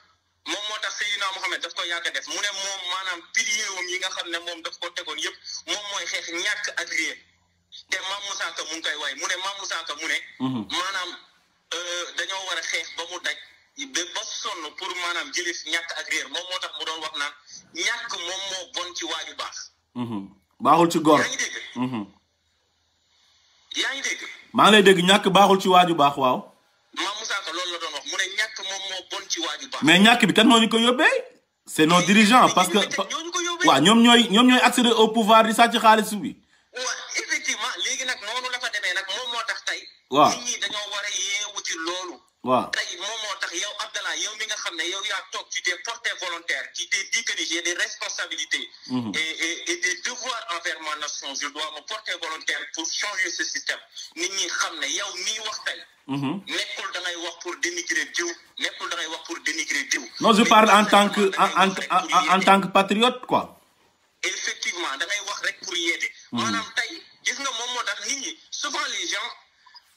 moom moo tax Seydina Mohamed daf ko yàgg def mu ne moom maanaam pilier wam yi nga xam ne moom daf ko tegoon yëpp moom mooy xeex ñàkk ak réer te Maam Moussa Ka mu ngi koy waay mu ne Maam Moussa Ka mu ne. Mhm. maanaam euh, dañoo war xeex ba mu daj ba ba sonn pour maanaam jëlee ñàkk ak moom moo tax mu doon wax naan ñàkk moom moo bon ci waaju baax. Mhm. baaxul ci góor maa ngi lay dégg ñàkk baaxul ci waaju baax waaw. Mame Moussa loolu la doon wax mu ne ñàkk moom moo bon ci waaju baax. mais ñàkk bi kan moo ko yóbbee. c' est nos dirigeants parce que waaw ñoom ñooy ñoom ñooy accéder au pouvoir di sàcc xaalis bi. léegi nag noonu la fa demee nag moom moo tax tey. waaw nit ñi ci loolu. moom moo tax yow Abdallah yow mi nga xam ne yow yaa toog ci des portées qui te dit des responsabilités. Mhm. et des devoirs envers ma nation je dois me porter volontaire pour changer ce système nit ñi xam ne yow mii wax tey. Mhm. nekkul da ngay wax pour dénigrer diw nekkul da ngay wax pour dénigrer diw. non je parle en tant que en en tant que patriote quoi. effectivement da wax rek pour yéede. Mhm. maanaam tey gis nga moom moo tax nit ñi souvent les gens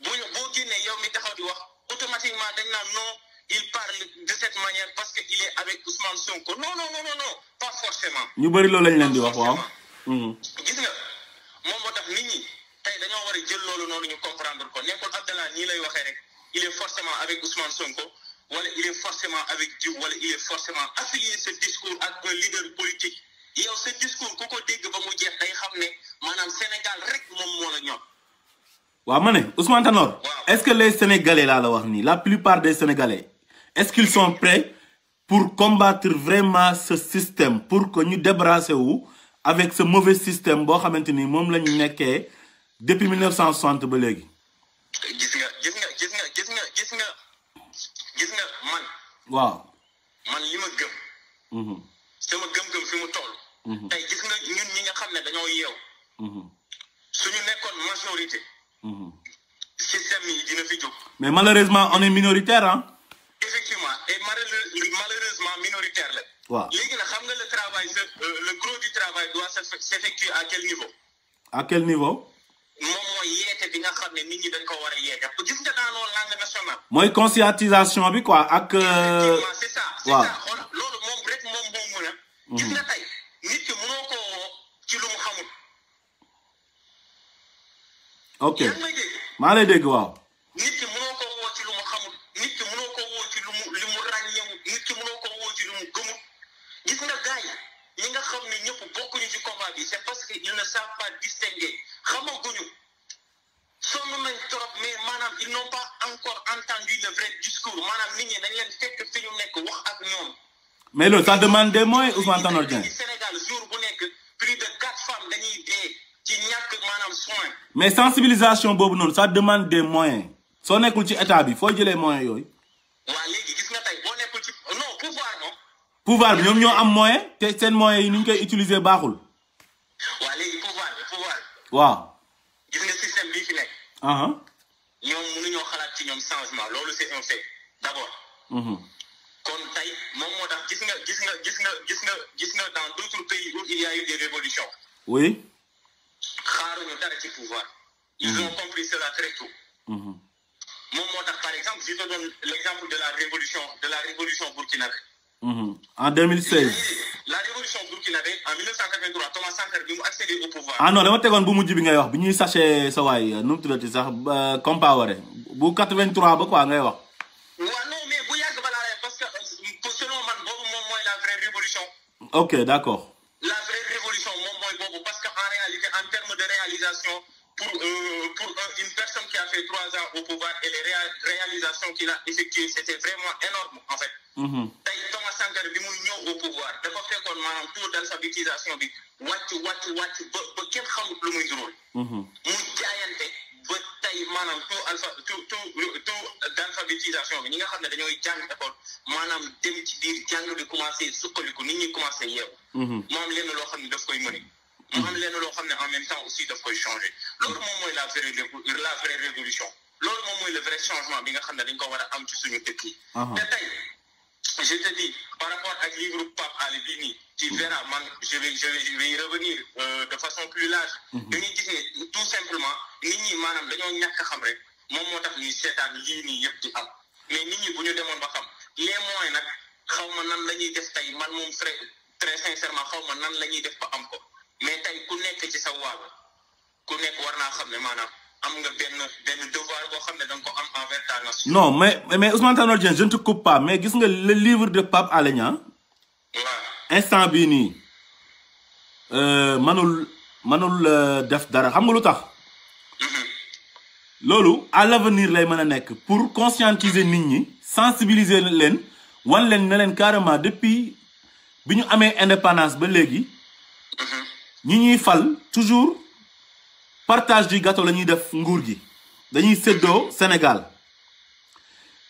boo boo automatiquement dañ naan non il parle de cette manière parce que il est avec Ousmane Sonko non non non non non pas forcément. ñu bëri loolu lañ leen di wax waaw. Mhm. gis nga moom moo tax nit ñi tey dañoo war a jël loolu noonu ñu comprendre ko nekkul Abdallah nii lay waxee rek il est forcément avec Ousmane Sonko wala il est forcément avec Diouf wala il est forcément affilié ce discours ak un leader politique yow ce discours ku ko dégg ba mu jeex day xam ne maanaam Sénégal rek moom moo la ñor. waaw ma ne Ousmane Tanor est-ce que les Sénégalais laa la wax nii la plupart des Sénégalais est-ce qu'ils son prêts pour combattre vraiment ce système pour que ñu débarrasser wu avec sa mauvais système boo xamante ni moom la ñu nekkee depuis 1960 ba léegi. gis nga gis nga gis nga gis nga gis nga man. waaw man li ma gëm. Mm-hmm. sama gëm-gëm fi mu toll. Mm-hmm. gis nga ñun ñi nga xam ne dañoo yeew. Mm-hmm. suñu nekkoon majorité. Mhm. système yi dina fi jóg. mais malheureusement on est minoritaire ah. effectivement et malheureusement minoritaire la. waaw léegi nag xam nga le travail euh, le gros du travail doit s'effectuer à quel niveau. à quel niveau. moom mooy bi nga xam ne nit ñi dañ ko war a yeete gis nga daanoo langue nationale. mooy conscientisation bi quoi ak. Euh, c'est ça. c'est ça xool loolu rek moom moo mën a. gis nga mhm. tey nit ci lu mu xamul. ok maa lay dégg waaw. nit ki mënoo ko woo ci lu mu xamul nit ki mënoo ko woo ci lu mu li mu ràññewu nit ki mënoo ko woo ci lu mu gëmul gis nga gars yi ñi nga xam ni ñëpp bokkuñu ci combat bi c'est parce que ils ne savent pas distinguer xamaguñu sonn nañ trop mais maanaam ils n'ont pas encore entendu le vrai discours maanaam ni ñi dañ leen fekk fi ñu nekk wax ak ñoom. mais loolu ça demande des moyens Ousmane Tanor Dieng. Sénégal jour bu nekk plus de quatre femmes dañuy dee. ci ñàkk maanaam soin. mais sensibilisation boobu noonu sa demande des soo nekkul ci état bi foo jëlee moyens yooyu. waa léegi gis nga tey boo nekkul ci non pouvoir moom. pouvoir bi ñoom ñoo am moyen te seen moyens yi ni ñu koy utiliser baaxul. waa léegi pouvoir bi pouvoir bi. waaw. gis nga système bii fi nekk. ñoom mënuñoo xalaat ci ñoom changement loolu c'est un fait d'abord. Mhm. kon tey moom moo tax gis nga gis nga gis nga gis nga gis nga dans d'autres pays où il y a eu des révolutions. oui. xaaruñu dara ci pouvoir. ils mhm. ont compris cela très tôt. Mhm. moom moo tax par exemple je te donne l' exemple de la révolution de la révolution burkinabé. Mhm. en 2016. la révolution burkinabé en 1983 Thomas Sankara bi mu accédé au pouvoir. ah non dama tegoon bu mujj bi ngay wax bi ñuy saché sa waay euh, nu mu tuddati sax Compaoré bu 83 ba quoi ngay wax. Euh, ok d'accord. pour, euh, pour une personne qui a fait trois ans au pouvoir et les réalisations qu'il a effectuées, c'était vraiment énorme en fait. Mhm. tey Thomas Sankara bi mu ñëw au pouvoir dafa fekkoon maanaam taux d'alphabétisation bi wàcc wàcc wàcc ba ba kenn xamul lu muy juróol. Mhm. mu jaayante ba tey maanaam taux d'alphabétisation bi ñi nga xam ne dañooy jàng école maanaam dem ci biir jàng bi commencé suqaliku nit ñi commencé yeewu. maanaam mhm. lenn loo xam ne daf koy mu leen loo xam ne en même temps aussi daf koy changer loolu moom mooy la vraie la vraie révolution loolu moom mooy le vrai changement bi nga xam ne dañ ko war a am ci suñu dëkk yi ah ah. te tey je te dis par rapport ak livre Pape Ali bii nii tu mm-hmm. verras man je vais revenir euh, de façon plus large mm-hmm. dañuy gis ne tout simplement nit ñi maanaam dañoo ñàkk xam rek moom moo tax ni seetaan lii nii yëpp di am mais nit ñi bu ñu demoon ba xam les moyens nag xaw ma nan la ñuy def tey man moom très très sincèrement xaw ma nan la ñuy def ba am ko mais tey ku nekk ci sa wàll ku nekk war naa xam ne maanaam am nga benn benn devoir boo xam ne da ko am envers ta nation. non mais mais Ousmane Tanor Dieng je ne coupe pas mais gis nga le livre de Pape Alé Niang. instant bi nii euh, mënul mënul euh, def dara xam nga lu tax. Mm-hmm. loolu à l'avenir lay mën a nekk pour conscientiser nit ñi sensibiliser leen wan leen ne leen carrément depuis bi ñu amee indépendance ba léegi. Mm-hmm. ñi ñuy fal toujours partage du gâteau la ñuy def nguur gi dañuy séddoo Sénégal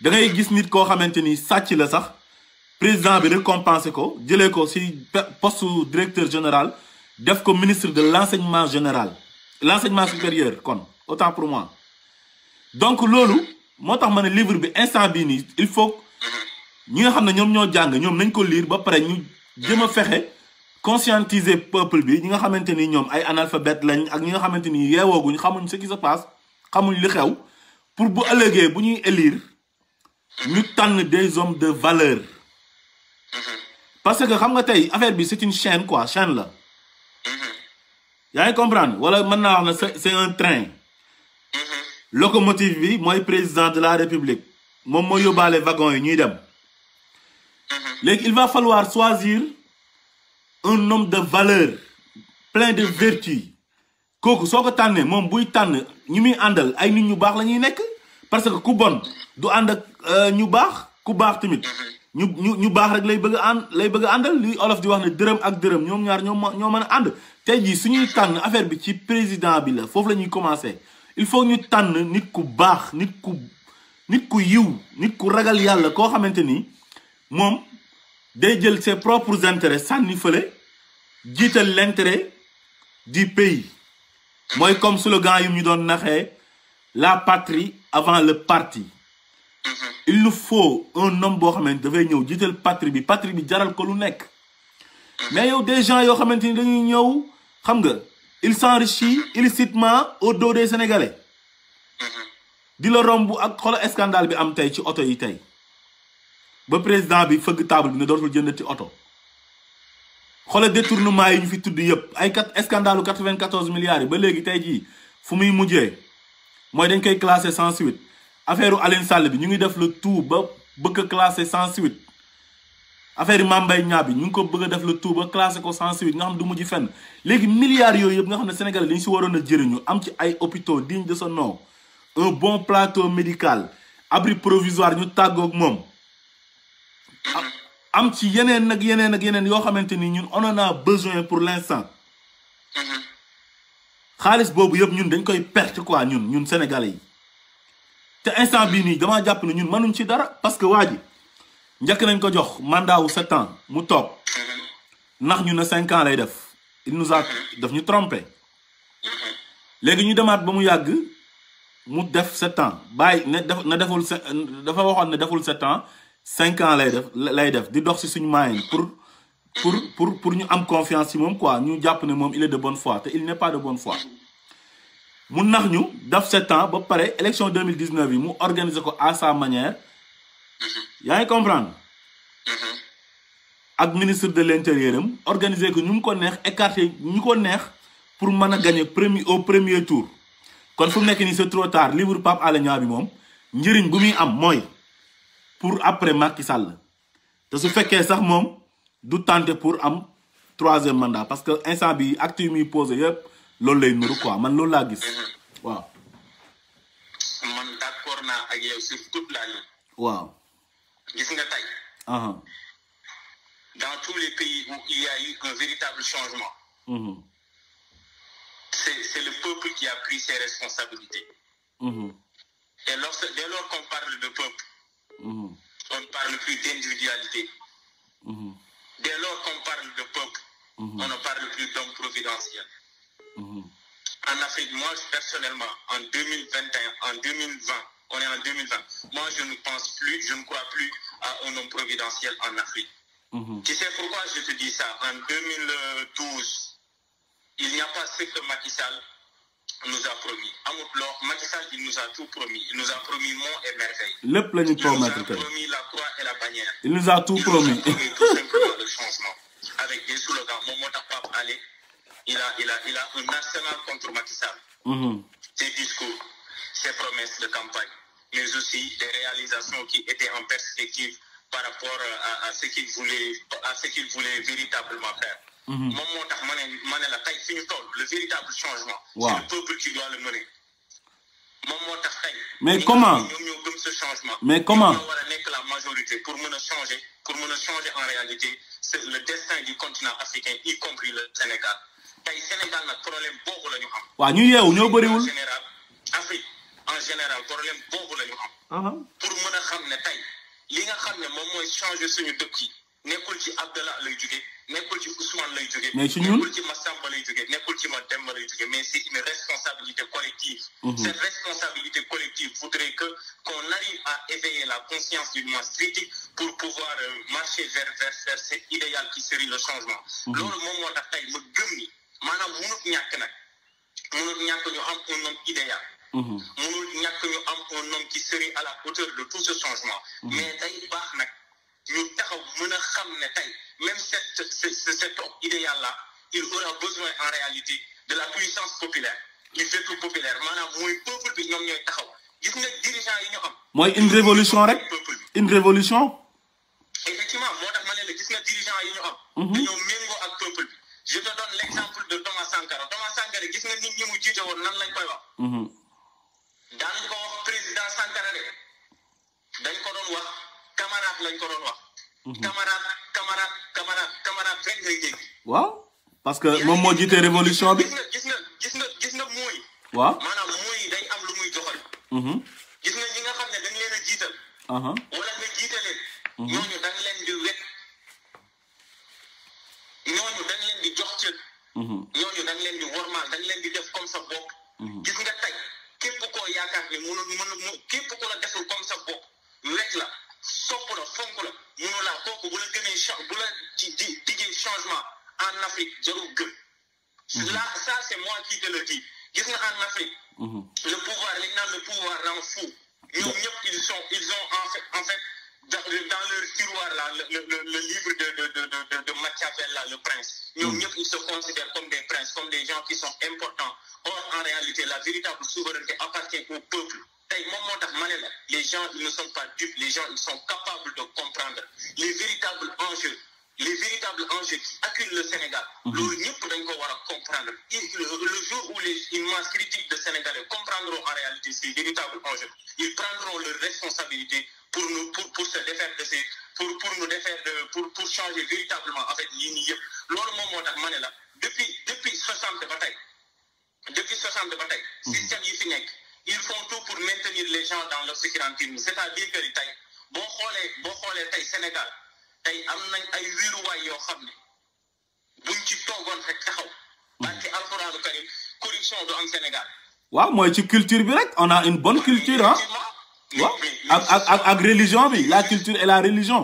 da ngay gis nit koo xamante ni sàcc la sax président bi récompensé ko jëlee ko ci poste directeur général def ko ministre de l'enseignement général l'enseignement supérieur kon autant pour moi donc loolu moo tax ma ne livre bi instant bii nii il faut ñi nga xam ne ñoom ñoo jàng ñoom nañ ko liir ba pare ñu jëm a fexe conscientiser peuple bi ñi nga xamante ni ñoom ay analphabète lañ ak ñi nga xamante ni yeewooguñ xamuñ ce qui se passe xamuñ li xew pour bu ëllëgee bu ñuy élire ñu tànn des hommes de valeur parce que xam nga tey affaire bi c'est une chaîne quoi chaîne la yaa ngi comprendre wala mën naa wax ne c'est un train locomotive bi mooy président de la république moom mooy yóbbaale wagon yi ñuy dem léegi il va falloir choisir un homme de valeur plein de vertu kooku soo ko tànnee moom buy tànn ñu muy àndal ay nit ñu baax la ñuy nekk parce que ku bon du ànd ak euh, ñu baax ku baax tamit ñu ñu ñu baax rek lay bëgg a lay bëgg a àndal li olof di wax ne dërëm ak dërëm ñoom ñaar ñoo ñoo mën a ànd tey jii suñuy tànn affaire bi ci président bi la foofu la ñuy commencé il faut ñu tànn nit ku baax nit ku nit ku yiw nit ku ragal yàlla koo xamante ni moom day jël ses propres intérêts sànni fële jiital l'intérêt du pays mooy comme slogan yu ñu doon naxee la patrie avant le parti mm-hmm. il nous faut un homme boo xamante dafay ñëw jiital patrie bi patrie bi jaral ko lu nekk mm-hmm. mais yow des gens yoo xamante ni dañuy ñëw xam nga il s'enrichit illicitement au dos des sénégalais mm-hmm. di la romb ak xolo scandale bi am tey ci oto yi tey ba président bi fëgg table bi ne dootul jëndati oto xoolal détournement yi ñu fi tudd yëpp ay kat scandalu 94 milliards yi ba léegi tey jii fu muy mujjee mooy dañ koy classé cent suite affaire Aline Sall bi ñu ngi def le tout ba bëgg a classé sans suite affaire Mame Mbaye bi ñu ngi ko bëgg def le tout ba classé ko sans suite nga xam du mujj fenn léegi milliards yooyu yëpp nga xam ne Sénégal li ñu si waroon a jëriñu am ci ay opito dignes de son nom un bon plateau médical abri provisoire ñu tàggook moom. am ci yeneen nag yeneen ak yeneen yoo xamante ni ñun on en a besoin pour l'instant mhm. xaalis boobu yëpp ñun dañ koy perte quoi ñun ñun sénégalais yi te instant bii nii damaa jàpp ne ñun manuñ ci dara parce que waa ji njëkk nañ ko jox mandat wu sept ans mu toog mhm. ndax ñu na cinq ans lay def il nous a mhm. daf ñu trompe léegi ñu demaat ba mu yàgg mu def sept ans bàyyi ne def na deful dafa waxoon ne deful sept ans cinq ans lay def lay def di dox si suñu moyen pour pour pour pour ñu am confiance ci moom quoi ñu jàpp ne moom il est de bonne fois te il n'est pas de bonne foi mu nax ñu daf sept ans ba pare élection 2019 yi mu organiser ko à sa manière yaa ngi comprendre ak ministre de l'intérieur am organiser ko ñu mu ko neex écarter ñu ko neex pour mën a gagner premier au premier tour kon fu mu nekk nii c'est trop tard livre Pape Alé Niang bi moom njëriñ bu muy am mooy pour après Macky Sall te su fekkee sax moom du tenter pour am troisième mandat parce que instant bi acte yu muy posé yëpp loolu lay nuru quoi man loolu laa gis mhm. waaw. man d'accord naa ak yow la ligne. waaw. nga tey. dans tous les pays où il y a eu un véritable changement. Mhm. c'est le peuple qui a pris ses responsabilités. Mhm. dès lors qu'on parle de peuple. Mm-hmm. On ne parle plus d'individualité. Mm-hmm. Dès lors qu'on parle de peuple, mm-hmm. on ne parle plus d'homme providentiel. En Afrique, personnellement, en on est en je ne pense plus, je ne crois plus à un homme providentiel en Afrique. Tu sais pourquoi je te dis ça En 2012, il n'y a pas ce que Macky nous a promis il nous a tout promis il nous a promis monts et merveilles. lépp la ñu promettre tey il nous a promis la croix et la bannière. il nous a tout promis. il changement. avec des slogans moom moo tax Pape il a un arsenal contre Macky Sall. Mhm. discours ses promesses de campagne mais aussi des réalisations qui étaient en perspective par rapport à, à ce à ce qu'il voulait véritablement faire. Mm-hmm. moom moo tax ma ne ma ne la tey fi ñu toll le véritable changement. waaw c'est le peuple qui doit le mener. moom moo tax tey. mais comment ñoom ñoo gëm changement. mais comment ñoo war nekk la majorité pour mën a changer pour mën a changer en réalité c'est le destin du continent africain y compris le Sénégal tey Sénégal nag problème boobu la ñu am. waaw ñu yeewu ñoo bëriwul général Afrique en général problème boobu la ñu am. Uh-huh. pour mën ne tey li nga xam ne moom mooy changer suñu dëkk yi. nekkul ci Abdallah lay jóge nekkul ci Ousmane lay jóge nekkul ci Massamba lay jóge nekkul ci Mademba lay jóge mais c'est une responsabilité collective mhm. cette responsabilité collective voudrait que qu'on arrive à éveiller la conscience d'une masse critique pour pouvoir euh, marcher vers vers vers qui serait le changement mhm. loolu moom moo tax tey ma gëm ni maanaam munut ñàkk nag munut ñàkk ñu am un homme idéal mhm. munut ñàkk ñu am un homme qui serait à la hauteur de tout ce changement mais tey baax nag ñu taxaw mën a xam ne tey même cet cet homme il aura besoin en réalité de la puissance populaire du peuple populaire maanaam mooy peuple bi ñoom ñooy taxaw gis nga dirigeant yi ñu am. mooy une révolution rek une révolution effectivement moo tax ma ne la gis nga dirigeant yi ñu am. Mhm. dañoo méngoo a peuple bi je te donne l' exemple de Thomas Sankara Thomas Sankara gis nga nit ñi mu nan lañ koy wax. Mhm. daan ko wax président Sankara de ko doon wax. camarade lañ ko doon wax. Mhm. camarade camarade camarade camarade rek waaw parce que moom moo jiite révolution bi. gis nga gis nga gis nga mooy. waaw maanaam mooy day am lu muy joxal. Mhm. gis nga ñi nga xam ne dañ leen a jiital. wala nga jiite leen. Mhm. ñooñu dañ leen di wet. ñooñu dañ leen di jox cër. ñooñu dañ leen di wormaal dañ leen di def comme sa bopp. gis nga tey képp koo yaakaar ni mënul mën képp ku deful comme sa bopp wet sopp la fonk la mënu laa kooku bu la gënee bu la ci di diggee changement en Afrique jarul gëm. Mhm. là ça moi qui te le dis gis nga en Afrique. Mhm. le pouvoir li ñu naan le pouvoir rend fou. ñoom ñëpp ils sont ils ont en fait dans leur tiroir là le livre de de le prince. ñoom mhm. ñëpp ils se considèrent comme des princes comme des gens qui sont importants or en réalité la véritable souveraineté appartient au peuple. tey moom moo tax ma ne la les gens ils ne sont pas dupes les gens ils sont capables de comprendre les véritables enjeux les véritables enjeux qui acculent le Sénégal. Mhm. loolu ñëpp dañ ko war a comprendre le jour où les une masse de Sénégalais comprendront en réalité ces véritables enjeux ils prendront leurs responsabilités pour nous pour pour se défaire de pour pour nous défaire pour pour changer véritablement en fait yii nii yëpp loolu moom moo tax ma ne la depuis depuis soixante ba tey depuis soixante ba tey. Mhm. système yi fi nekk. ils font tout pour maintenir les gens dans l'obscurantisme c'est-à-dire que ni tey boo xoolee boo xoolee tey Sénégal tey am nañ ay wéeruwaay yoo xam ne buñ ci toogoon rek taxaw barke alxuraanu karim corruption du am Sénégal. waaw mooy ci culture bi on a une bonne culture ak ak ak ak religion bi la culture et la religion.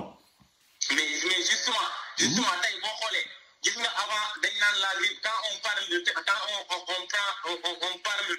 mais mais justement justement tey boo xoolee gis nga avant dañ naan la vie quand on parle de quand on on on on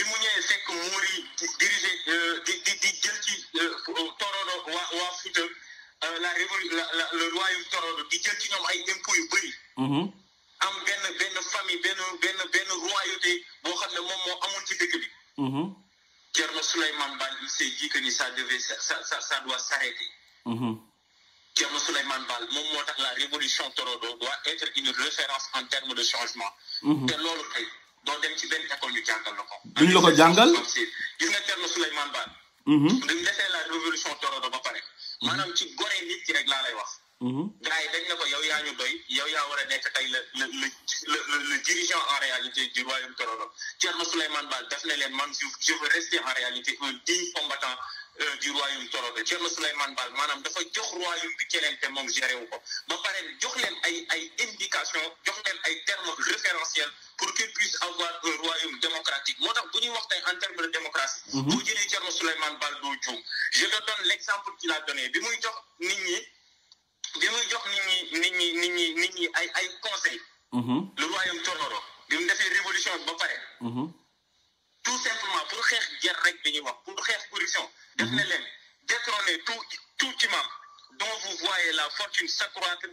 bi mu ñëwee fekk muur yi dirigé euh, di di di jël ci euh, torodo waa waa euh, la révolu la la le royaume torodo di jël ci ñoom ay impôts yu bëri. Mm-hmm. am benn benn famille benn royauté boo xam ne moom moo amul ci dëkk bi. Mm-hmm. Thierno Souleymane Ban il s'est dit que ni ça devait ça ça ça doit s'arrêter. Mm-hmm. Thierno Souleymane Ban moo tax la révolution torodo doit être une référence en termes de changement. te loolu tey. doo dem ci benn école ñu jàngal la ko. duñ la ko jàngal gis nga Thierno Souleymane Ba. duñ mhm. defee la révolution Torodo ba pare. Mhm. maanaam ci gore nit ki rek laa lay wax. Mhm. gars yi dañ ne ko yow yaa ñu doy yow yaa war a nekk tey la le le le dirigeant en réalité du royaume Torodo Thierno Souleymane Ba daf ne leen man je je veux rester en réalité un digne combattant. Euh, du royaume torobe Thierno Souleymane Baal maanaam dafa jox royaume bi keneen moom géré ko ba pare jox leen ay indication jox leen ay termes référentiels pour qu'il puisse avoir un royaume démocratique moo tax bu ñuy wax tey en termes de démocratie mhm. boo jëlee Thierno Souleymane Baal doo juum je te donne l'exemple qu'il a donné bi muy jox nit ñi bi nit ñi nit ñi nit ñi nit ñi ay ay conseils mhm. le royaume tororo bi mu defee révolution ba pare mhm. tout simplement pour xeex jar rek dañuy wax pour xeex corruption. def na leen détrôner tout tout imam dont vous voyez la fortune s'accroître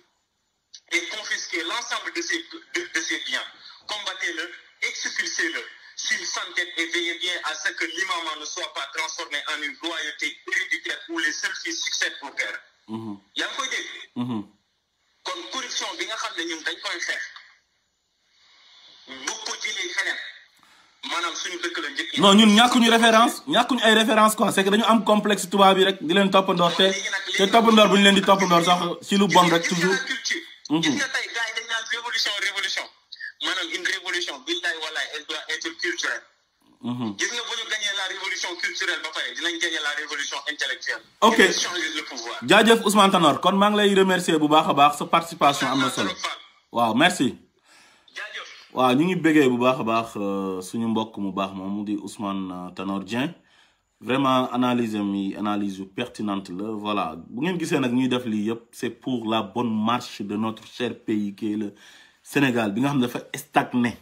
et confisquer l'ensemble de ses de, de biens combattez-le expulsez-le s'il s'entête et veillez bien à ce que l'imam ne soit pas transformé en une loyauté héréditaire où les seuls fils succèdent au père. Mm-hmm. yaa ngi koy dégg. Mm-hmm. kon corruption bi nga xam ne ñun dañ koy xeex. bu ko jëlee feneen. maanaam suñu dëkk la njëkk ñun ñàkkuñu référence ñàkkuñu ay référence quoi c'est que dañu am complexe tubaab yi rek di leen toppandoor te te toppandoor bu ñu leen di toppandoor sax ci lu bon rek toujours. gis nga tey gars yi dañ naan révolution révolution maanaam une révolution billahi wallahi elle doit être culturelle. Mhm. gis nga bu ñu la révolution culturelle ba pare dinañ gagné la révolution intellectuelle. ok kon maa ngi lay remercier bu baax a baax sa participation am na solo waaw merci. waaw ñu ngi bëggee bu baax a baax euh, suñu mbokk mu baax moom di Ousmane euh, Tanor Dieng vraiment analyse mi analyse yu pertinente la voilà bu ngeen gisee nag ñuy def lii yëpp c'est pour la bonne marche de notre cher pays qui la Sénégal bi nga xam ne dafa stagné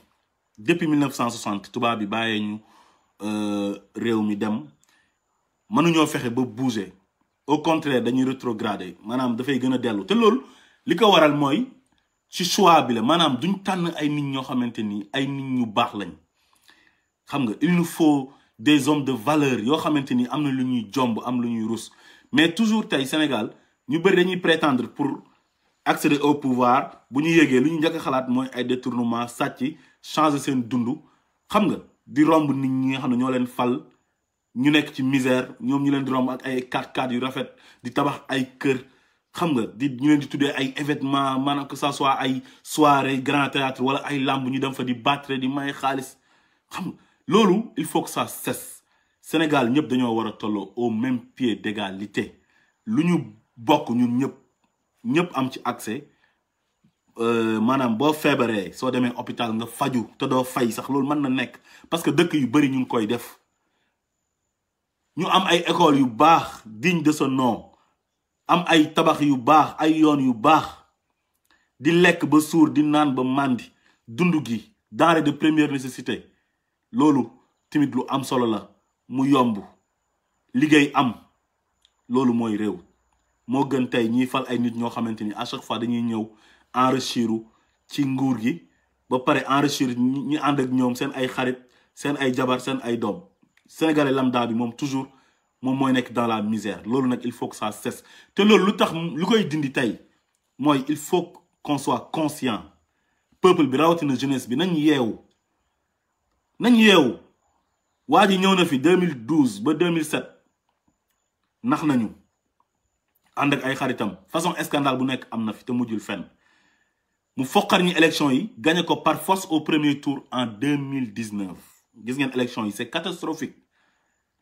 depuis 1960 tubaab bi bàyyee ñu euh, réew mi dem mënuñoo fexe ba bouger au contraire dañuy rétrogradé maanaam dafay gën a dellu te loolu li ko waral mooy. ci choix bi la maanaam duñ tànn ay nit ñoo xamante ni ay nit ñu baax lañ xam nga il nous faut des hommes de valeur yoo xamante ni am na lu ñuy jomb am lu ñuy rus mais toujours tey Sénégal ñu bëri dañuy prétendre pour accéder au pouvoir bu ñu yégee lu ñu njëkk xalaat mooy ay détournement sàcc changer seen dund xam nga di romb nit ñi nga xam ne ñoo leen fal ñu nekk ci misère ñoom ñu leen di romb ak ay 4 x yu rafet di tabax ay kër xam nga di ñu leen di tuddee ay événement maanaam que ça soit ay soirée grand théâtre wala ay làmb ñu dem fa di battre di may xaalis xam nga loolu il faut que ça cesse Sénégal ñëpp dañoo war a tolloo au même pied d'égalité lu ñu bokk ñun ñëpp ñëpp am ci accès euh, maanaam boo feebaree soo demee hôpital nga faju te doo fay sax loolu mën na nekk parce que dëkk yu bari ñu ngi koy def ñu am ay école yu baax diñ de ce nom am ay tabax yu baax ay yoon yu baax di lekk ba suur di naan ba màndi dund gi denrée de première nécessité loolu tamit lu am solo la mu yomb liggéey am loolu mooy réew moo gën tey ñiy fal ay nit ñoo xamante ni à chaque fois dañuy ñëw enrichiru ci nguur gi ba pare enrichir ñi ànd ak ñoom seen ay xarit seen ay jabar seen ay doom sénégalais lambda bi moom toujours moom mooy nekk dans la misère loolu nag il faut que ça ses te loolu lu tax lu koy dindi tey mooy il faut qu'on soit conscient peuple bi rawatina jeunesse bi nañ yeewu nañ yeewu waa ji ñëw na fi 2012 ba 2007 nax nañu ànd ak ay xaritam façon scandale bu nekk am na fi te mujjul fenn mu foqar ñi élection yi gagné ko par force au premier tour en 2019 gis ngeen élection yi c'est catastrophique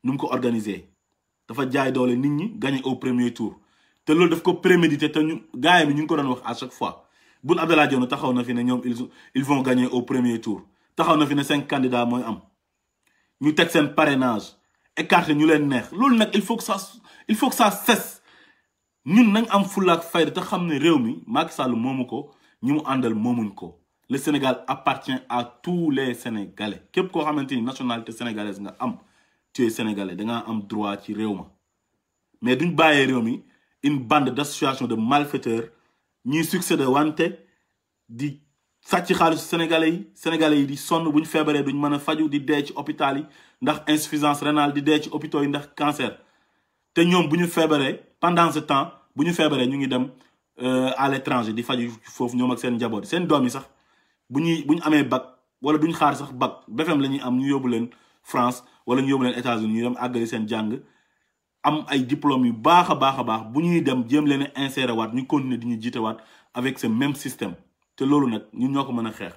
nu ko organiser dafa jaay doole nit ñi gagné au premier tour te loolu daf ko prémédité te ñu gaay mi ñu ngi ko doon wax à chaque fois Boun Abdallah Dionne taxaw na fi ne ñoom ils ils vont gagner au premier tour taxaw na fi ne cinq candidats mooy am ñu teg seen parrainage écarté ñu leen neex loolu nag il faut que ça il faut que ça cesse ñun nañ am fulaak fayda te xam ne réew mi Macky Sall moomu ko ñi mu àndal moomuñ ko le Sénégal appartient à tous les Sénégalais képp koo xamante ni nationalité sénégalaise nga am tu sénégalais da am droit ci réew ma mais duñ bàyyee réew mi une bande d'association de malfaiteurs ñuy succédé wante di sàcc xaalis sénégalais yi sénégalais yi sonn bu ñu feebaree duñ mën a faju di dee ci hôpital yi ndax insuffisance rénale di dee ci hôpitaux yi ndax cancer te ñoom bu ñu feebaree pendant ce temps bu ñu feebaree ñu ngi dem euh, à l'étranger di faju foofu ñoom ak seen njaboot seen doom yi sax bu ñuy bu ñu amee bac wala duñ xaar sax bac BFEM la ñuy am ñu yóbbu leen France wala ñu yóbbu leen États-Unis ñu dem àggali seen jàng am ay diplômes yu baax a baax a baax bu ñuy dem jëm leen a insérer waat ñu continuer di ñu jiite waat avec ce même système te loolu nag ñu ñoo ko mën a xeex.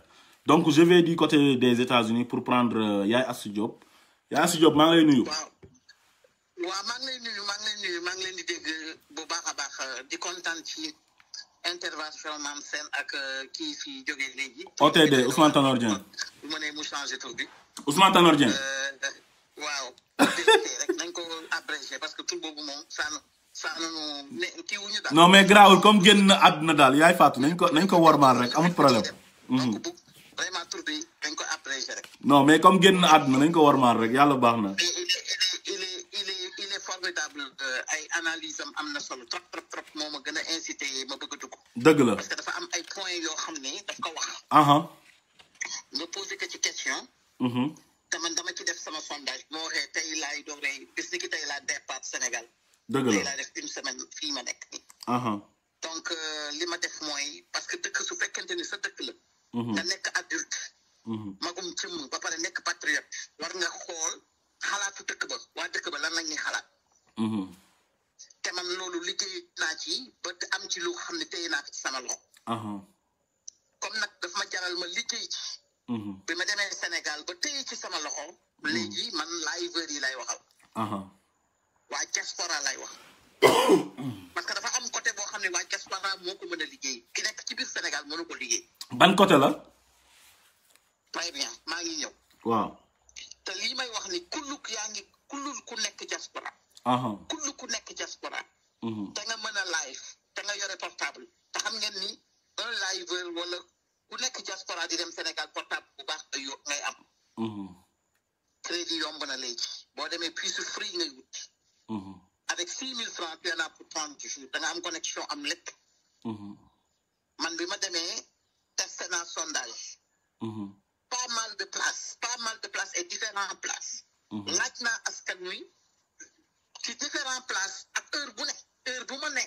donc je vais du côté des États-Unis pour prendre euh, Yaay Astou Diop Yaay Astou Diop maa ngi lay nuyu. waaw waaw maa ngi nuyu maa ngi nuyu maa ngi leen di dégg bu baax a baax di kontaan ci intervention maam seen ak euh, kii fi jógee léegi. OTD Ousmane Tanor Dieng. mu ne mu bi. Ousmane Tanor Dieng. Euh, euh, waaw. rek nañ parce que tur boobu moom sànn sànn ne kii wu ñu daal. non mais grawul comme génn na daal yaay fàttu nañ ko wormaal rek amul problème. donc bu dañ mhm. ko abrégé rek. non mais comme génn na àdduna ko wormaal rek yàlla baax na. formidable ay analyse am am na solo trop trop trop moo gën a incité ma bëgg a dëgg la parce que dafa am ay points yoo xam ne daf ko wax nga posé ko ci question Mm-hmm. te man dama ci def sama sondage moo waxee tey laay doog rey bis ni ki tey laa départ Sénégal. dëgg la def une semaine fii ma nekk. donc euh, li ma def mooy parce que dëkk su fekkente ni sa dëkk la. Mm-hmm. nekk adulte. Mm-hmm. magum cëmm ba pare nekk patriote war nga xool xalaatu dëkk ba waa dëkk ba lan la ñuy xalaat. te man loolu liggéey naa ci ba am ci lu xam ne tey naa ko ci sama loxo. comme nag daf ma jaral ma liggéey Mm-hmm. bi ma demee Sénégal ba tey ci sama loxo. Mm-hmm. léegi man liveur yi lay waxal. Uh-huh. waa diaspora lay wax. parce que dafa am côté boo xam ne ces diaspora moo ko mën a liggéey ki nekk ci biir Sénégal mënu ko liggéey. ban côté la. très bien maa ngi ñëw. waaw te lii may wax ni kulluk yaa ngi kullul ku nekk diaspora. kullu ku nekk diaspora. Uh-huh. Mm-hmm. te nga mën a live te nga yore portable te xam ngeen ni un liveur wala. ku nekk diaspora di dem Sénégal portable bu baax yo- ngay am mm-hmm. crédit yomb na léegi boo demee puce free ngay wuti mm-hmm. avec six mille francs tu en as pour trente jours da nga am connexion am lépp mm-hmm. man bi ma demee testé naa sondage pas mal de place pas mal de place et différentes places laaj na aska wi ci différentes places ak heure bu ne heure bu ma ne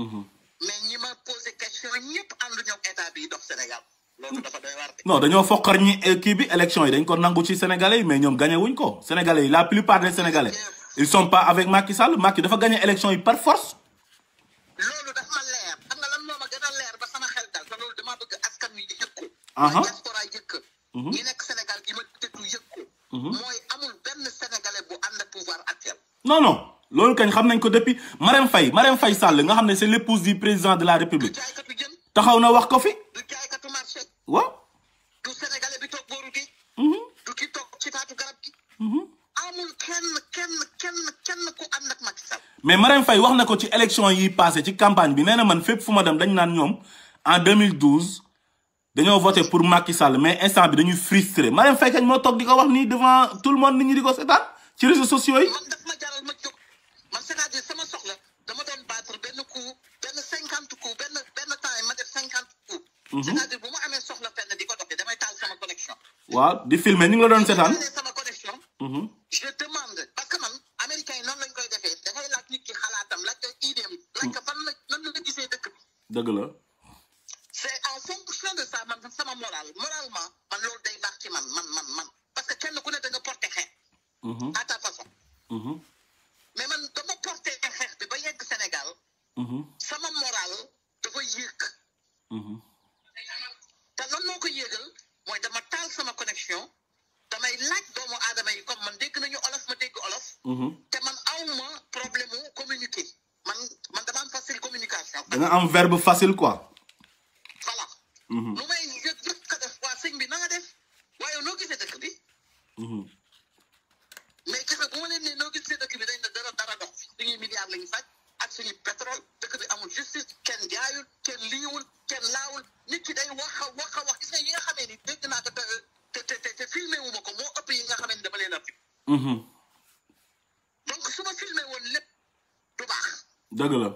Mm-hmm. mais ñi ma posé question ñëpp ànduñu ak état bi dox Sénégal loolu dafa doy dañoo foqar ñi eh, kii bi élection yi dañ ko nangu ci sénégalais yi mais ñoom gagné wuñ ko sénégalais yi la plupart des sénégalais ils sont pas avec Macky Sall Macky dafa gagné élection yi par force. loolu dafa leer xam nga lan moo ma gën a leer ba sama xel dal dama bëgg askan wi yëg ko. mooy mm-hmm. nekk Sénégal gi ma déglu yëg ko. Mm-hmm. mooy amul benn sénégalais bu ànd ak pouvoir actuel. non non. loolu kañ xam nañ ko depuis Marème Faye Marème Faye Sall nga xam ne c'est l'épouse du président de la République taxaw na wax ko fi waaw. du Sénégalais bi toog booru gi. Mhm. du ki toog ci taatu garab gi. Mhm. amul kenn kenn kenn kenn ku ak Macky Sall. mais Marème Faye wax na ko ci élection yi passé ci campagne bi nee na man fépp fu ma dem dañ naan ñoom en 2012 dañoo voté pour Macky Sall mais instant bi dañuy frustré Marème Faye kañ moo toog di ko wax nii devant tout le monde ni ñi di ko seetaan ci réseaux sociaux yi. Mhm. c'est-à-dire bu ma amee soxla fenn di ko doxee damay taal sama connexion. waaw di filmer ñu ngi la doon sama connexion. Mhm. je demande parce que man américain yi noonu lañ koy defee dafay laaj nit ki xalaatam laaj ko idéem laaj ko fan la nan la gisee dëkk bi. dëgg la. c' est en fonction de ça man sama moral moralement man loolu man man man man parce que kenn ku ne da nga porté xeex. Mhm. à ta façon. mais man dama porté xeex bi ba yegg Sénégal. sama moral dafa yéeg. laaj doomu aadama yi comme man dégg nañu olof ma dégg olof. Mhm. te man awma problème mu man man dama am facile communication. da nga am verbe facile quoi. voilà. Mhm. Mm-hmm. donc su ma filmé woon lépp du baax. dëgg la.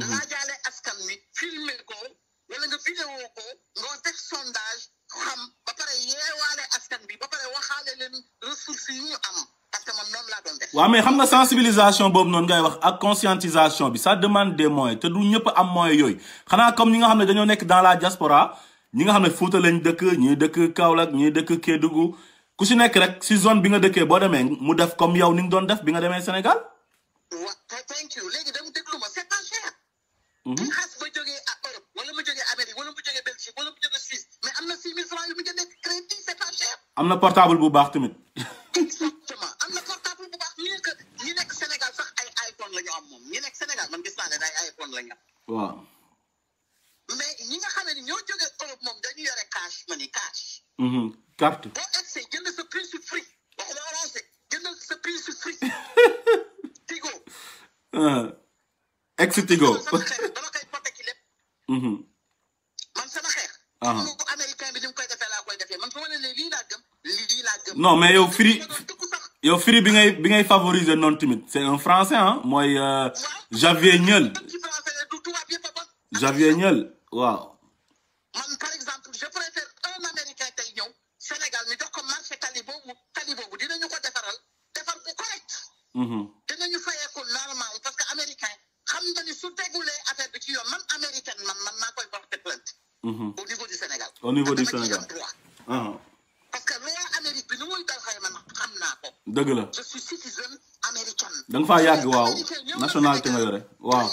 laajaale mhm. askan wi filmer ko wala nga vidéo ko askan bi ba pare waxaale leen ressources yi ñu am parce que xam nga sensibilisation boobu noon ngay wax ak conscientisation bi sa demande des moyens te du ñëpp am moyens yooyu xanaa comme ñi nga xam ne dañoo nekk dans la diaspora ñi nga xam ne Fuuta lañ dëkk ñii dëkk Kaolack ñii dëkk Kédougou ku si nekk rek si zone bi nga dëkkee boo demee mu def comme yow ni nga doon def bi nga demee Sénégal. di mm-hmm. xas ba jógee à Europe wala mu joge Amérique wala mu jógee Belgique wala mu jógee Suisse mais am na six mille francs yu mu jëndee crédit c'est pas cher. am na portable bu baax tamit. exactement am na portable bu baax mieux que ñi Sénégal sax ay iPhone la ñu am moom ñi nekk Sénégal man gis naa ne ay iPhone la mais ñi nga xam ne ñoo jógee Europe moom dañu yore cash money cash. Mm-hmm. carte. boo egsee jënd sa prix su free wax nga avancé jëndal sa prix su free. Tigo. Uh-huh. ex-Tigo sama xeex dama koy protéger lépp. Mm-hmm. man sama xeex. Uh-huh. mu américain bi ni mu koy defee laa koy defee man su ma nee lii laa gëm lii laa gëm. non mais yow Free yow Free bi ngay bi ngay favoriser non timide c'est un français ah mooy Javier euh, Niel. Javier Niel waaw. man par exemple je préfère un américain tey ñëw Sénégal mi jox ko marché tali boobu tali boobu dinañu ko defaral defar bu correct. Mm-hmm. xam nga ni su tegulee affaire bi ci yoon man américaine man man maa koy porter plainte. Mhm. au niveau du Sénégal. au niveau du Sénégal uh-huh. parce que loi Amérique bi nu américaine. da nga faa yàgg waaw nationalité nga yore waaw.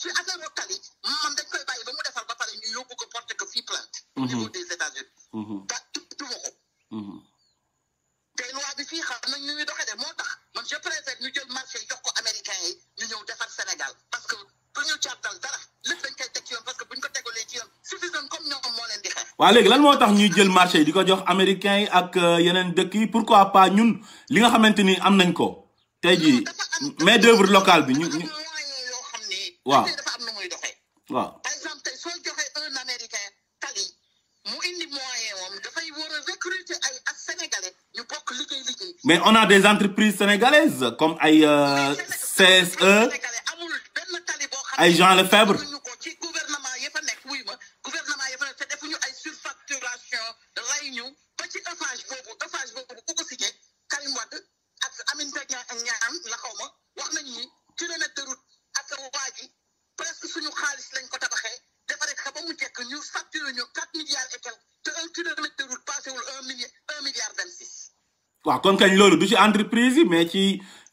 ci affaire tali man dañ koy bàyyi ba mu defar ba pare ñu yóbbu ko porter ko fii au mhm. niveau des États-Unis. da mhm. du ma ko. te loi bi fii xam nañ ñu doxee de moo tax man marché waa léegi lan moo tax ñuy jël marché yi di ko jox américains yi ak euh, yeneen dëkk yi pourquoi pas ñun li nga xamante ni am nañ ko tey jii main d'œuvre locale bi ñu ñu waaw waaw. par exemple tey soo joxee un américain tali mu indi moyen moom dafay war a recruter ay ak sénégalais ñu bokk liggéey liggéey. mais on a des entreprises sénégalaises comme ay euh, CSE e. ay Jean Lefebvre. waaw kon kañ loolu du ci entreprise yi mais ci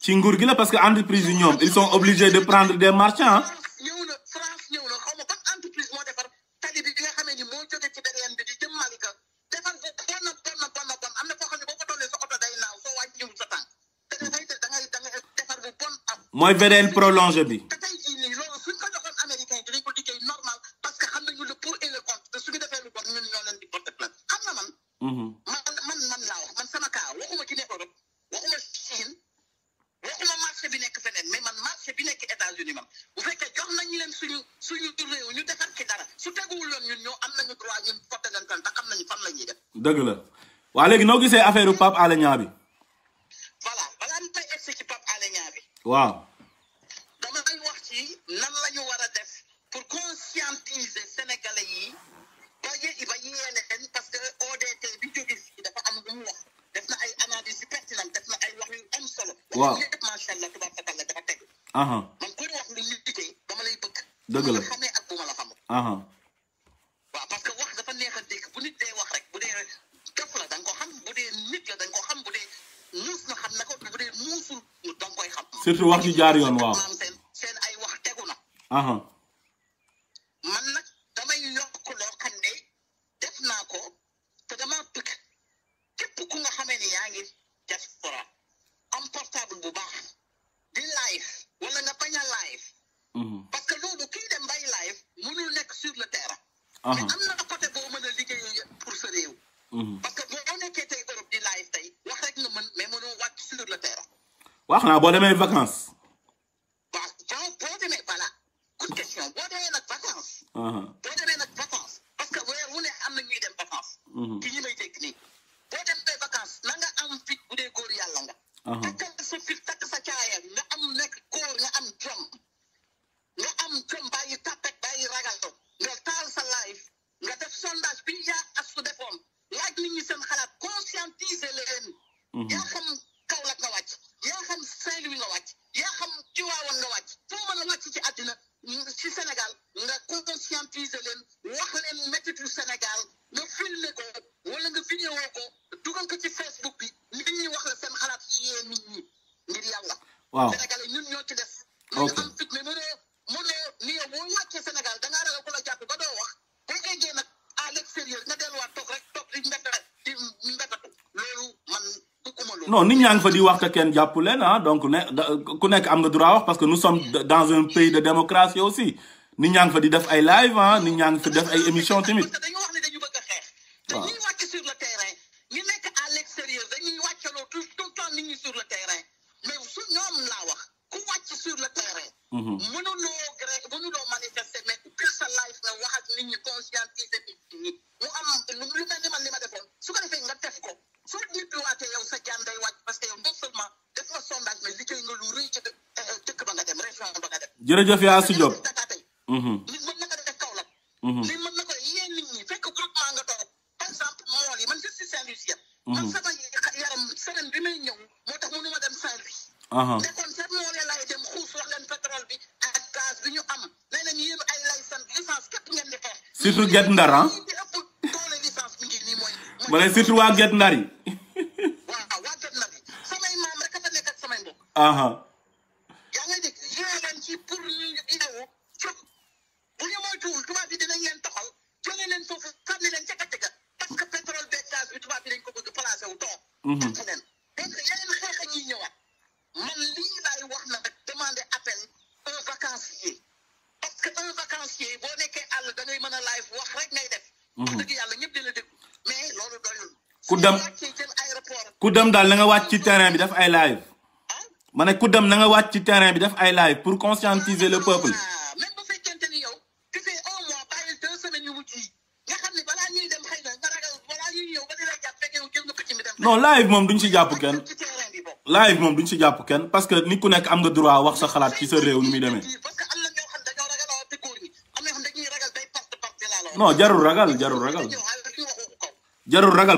ci nguur gi la parce que entreprise yi ñoom ils sont obligés de prendre des marchands. ñëw na moo defar tali nga xamee ni moo jóge ci beneen bi di jëm Malika defar bu na bon na bon na bon am ko doolee sa oto day naaw soo wàññiwul sa mooy VDN prolongé bi. léegi noo gisee affaire Pape Alé Niang bi. voilà balaa ñu koy egsi ci waaw. surtout wax ju jaar yoon waaw. seen ay wax tegu na. temps boo demee vacances ñaa ngi fa di wax te kenn jàppu leen ah donc ku nekk am nga droit wax parce que nous sommes dans un pays de démocratie aussi nit ñaa fa di def ay live ah nit fa def ay émission tamit. dañoo wax ne dañu bëgg a xeex. waaw te sur le terrain ñi nekk à l'extérieur dañuy wàccaloo tout tout le temps nit ñi sur le terrain mais su ñoom laa wax ku wàcc sur le terrain. Mm-hmm. jërëjëf yaa si Diop. Mm-hmm. Mm-hmm. nit mm-hmm. mën na ko def Kaolack. nit mën na ko yee nit ñi fekk groupement nga toog par exemple mool yi man je suis Saint-Louis man sama yaram semaine bi may ñëw moo dem saint sa mool ya wax leen pétrole bi a gaz bi ñu am nee nañu yéen ay lay sant licence képp ngeen di xeex. surtout Guet Ndar ah. li ëpp doole licence bi ngi nii mooy. ma ne surtout waa Guet Ndar samay maam rek a fa nekk ak samay mbokk. ku dem daal na nga ci terrain bi def ay live ma ne ku dem na nga wàcc ci terrain bi def ay live pour conscientiser le peuple. Ah, même bu fekkente ni yow tu fais un mois bàyyil deux semaines yu yi jàpp fekk live moom duñ si jàpp kenn. si jàpp kenn parce que ni ku nekk am nga droit wax sa xalaat ci sa rew ni muy demee. non jarul ragal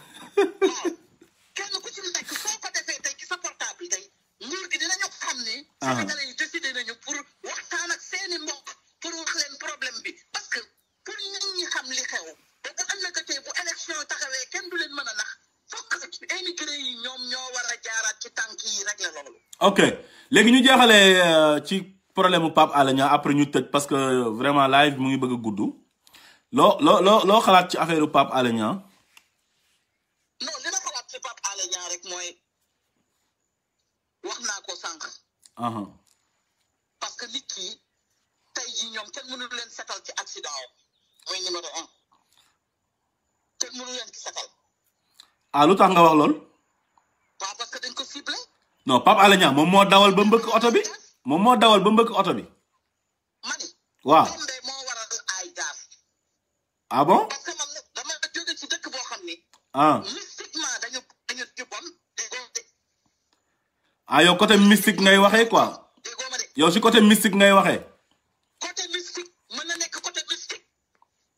léegi ñu jeexalee euh, ci problème mu Pape Alé après ñu tëj parce que vraiment live mu ngi bëgg a gudd loo loo loo xalaat ci affaire Pape Alé Niang. non li xalaat ci Pape Alé rek mooy wax naa ko sànq. Uh-huh. parce que nit ki tey jii ñoom kenn mënu leen setal ci accident mooy numéro un kenn leen ci setal. Ah, lu tax nga wax lool. non Pape Alé Niang moom moo dawal ba mbëkk oto bi moom moo dawal ba mbëkk oto bi waaw ah bon ah ah yow côté mystique ngay waxee quoi yow si côté mystique ngay waxe côté mystique mën na nekk côté mystique.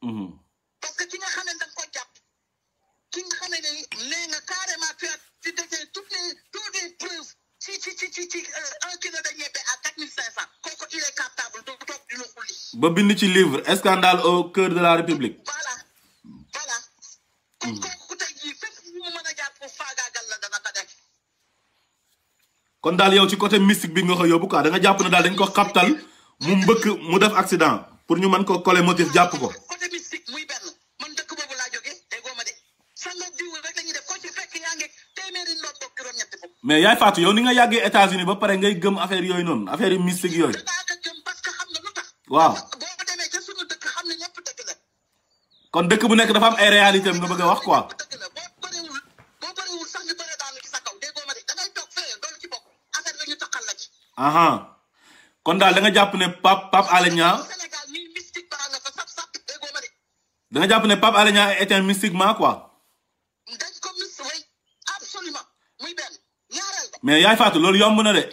Mhm. ba bind ci livre scandale au cœur de la république. voilà voilà. kon hmm. kooku tey jii a jaar daal yow ci côté mystique bi nga ko yóbbu quoi jàpp na daal dañ ko xaptal mu mbëkk mu def accident pour ñu mën ko coller motif jàpp ko. côté mystique muy benn man dëkk boobu laa jógee déggoo ma la ñuy def ko ci fekk yaa ngi téeméeri ndox boog juróom-ñetti bopp. mais yaay Fatou yow ni nga yàggee États-Unis ba pare ngay gëm affaire yooyu noonu affaire yu mystique yooyu. waaw. kon dëkk bu nekk dafa am ay réalité am nga bëgg wax quoi. aha kon daal da nga jàpp ne Pape Pape Alé Niang da nga jàpp ne Pape Alé Niang est un mystiquement quoi. mais yaay faatu loolu yomb na de.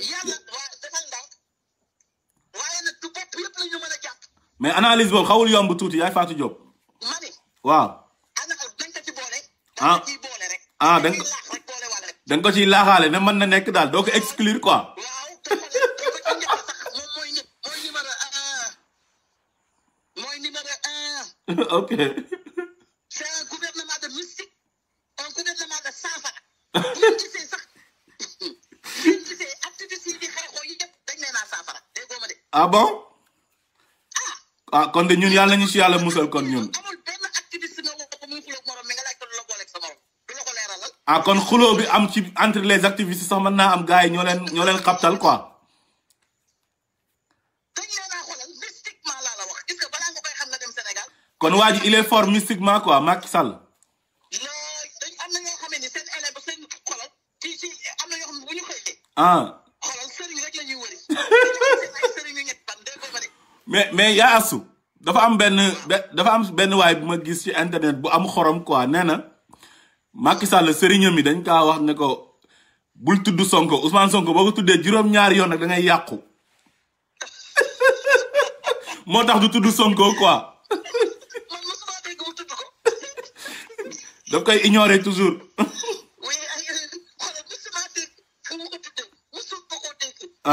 mais analyse boobu xawul yomb tuuti yaay faatu Diop. waaw. ah ah da nga ko da nga ko ciy laaxaale ne mën na nekk daal doo ko exclure quoi. ok. c'est de mystique un gouvernement de saafara. bu ñu gisee naa saafara déggoo ma ah ah. Ah, kon de ñun yàlla ñu si yàlla musal kon ñun. ah kon xuloo bi am ci entre les activistes sax mën naa am gars yi ñoo leen ñoo leen xabtal quoi. kon waa ji il est fort mystiquement quoi Macky Sall. ah. mais mais yaa dafa am benn dafa am benn waay bu ma gis ci internet bu am xorom quoi nee na. Macky Sall sëriñam yi dañ kaa wax ne ko bul tudd Sonko Ousmane Sonko boo ko tuddee juróom-ñaari yoon nag da ngay yàqu moo tax du tudd Sonko quoi daf koy ignorer toujours. ah.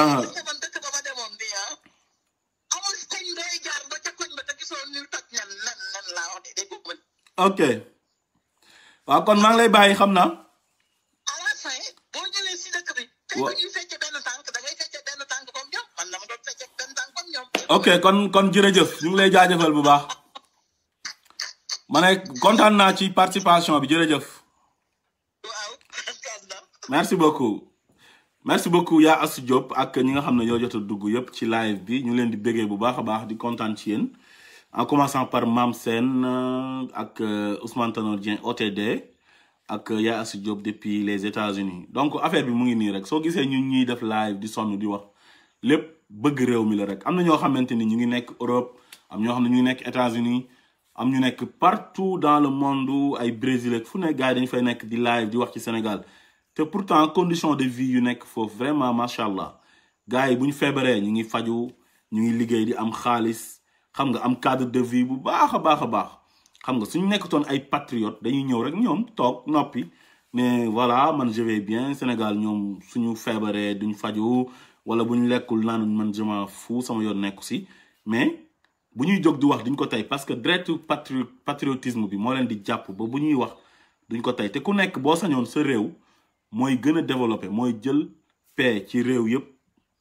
ah ok. waaw kon maa ngi lay bàyyi xam na à la fin boo ok kon kon jërëjëf ñu lay jaajëfal bu baax ma ne kontaan naa ci participation bi jërëjëf. waaw. merci beaucoup. merci beaucoup yaa Asou Diop ak ñi nga xam ne ñoo jot a dugg yëpp ci live bi ñu leen di béggee bu baax a baax di kontaan ci yéen. en commençant par Mam Sen euh, ak euh, Ousmane Tanor Dieng OTD ak euh, Yaa Asou Diop depuis les États-Unis donc affaire bi mu ngi nii rek soo gisee ñun ñuy def live di sonn di wax lép bëgg réew mi la rek am na ñoo xamante ni ñu ngi nekk Europe am ñoo xam ne ñu ngi nekk États-Unis am ñu nekk partout dans le monde ay Brésil fu ne gars dañu fay nekk di live di wax ci Sénégal te pourtant condition de vie yu nekk foofu vraiment macha allah gars yi bu ñu feebaree ñu ngi faju ñu ngi liggéey di am xaalis. xam nga am cadre de vie bu baax a baax a baax xam nga suñu nekkatoon ay patriote dañuy ñëw rek ñoom toog noppi mais voilà man je bien Sénégal ñoom suñu feebaree duñ faju wala bu ñu lekkul naanuñ man je m'en fous sama yoon nekku si mais bu ñuy jóg di wax duñ ko tey parce que deretu patri patriotisme bi moo leen di jàpp ba bu ñuy wax duñ ko tey te ku nekk boo sañoon sa réew mooy gën a développé mooy jël paix ci réew yëpp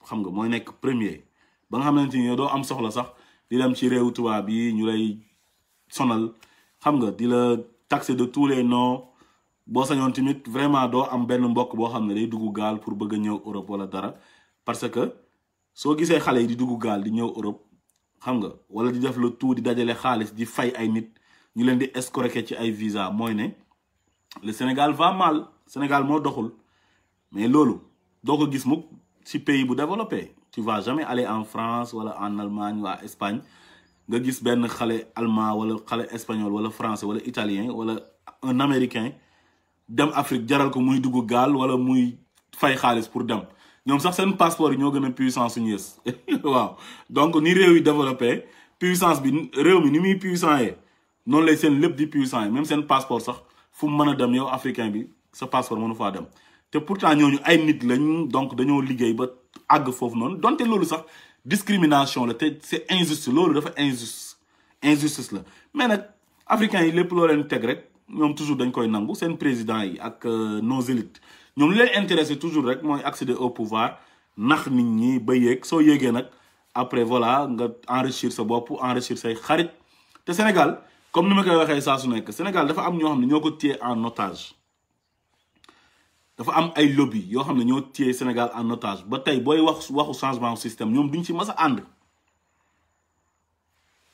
xam nga mooy nekk premier ba nga xamante ni doo am soxla sax di dem ci réew tubaab yi ñu lay sonal xam nga di la taxé de tous les noms boo sañoon tamit vraiment doo am benn mbokk boo xam ne day dugg gaal pour bëgg a ñëw Europe wala dara parce que soo gisee xale yi di dugg gaal di ñëw Europe xam nga wala di def le tout di dajalee xaalis di fay ay nit ñu leen di escroquer ci ay visa mooy ne le Sénégal va mal Sénégal moo doxul mais loolu doo ko gis mukk ci pays bu développé tu vas jamais aller en France wala en Allemagne waa Espagne nga gis benn xale allemand wala xale espagnol wala français wala italien wala un américain dem Afrique jaral ko muy dugg gaal wala muy fay xaalis pour dem ñoom sax seen passeport yi ñoo gën a puissance suñu yës waaw donc ni réew yi développé puissance bi réew mi ni muy puissant yee noonu lay seen lépp di puissant yi même seen passeport sax fu mu mën a dem yow africain bi sa passeport mënu faa dem te pourtant ñooñu ay nit lañ donc dañoo liggéey ba àgg foofu noonu donte loolu sax discrimination la te c'est injuste loolu dafa injuste injustice la mais nag africains yi lépp loo leen teg rek ñoom toujours dañ koy nangu seen président yi ak euh, nos élites ñoom li leen intéressé toujours rek mooy accéder au pouvoir nax nit ñi ba yéeg soo yéegee nag après voilà nga enrichir sa bopp enrichir say xarit te Sénégal comme ni ma koy waxee saa su nekk Sénégal dafa am ñoo xam ne ñoo ko téye en otage dafa am ay lobby yoo xam ne ñoo téye Sénégal en notage ba tey booy wax waxu changement système ñoom duñ ci mës a ànd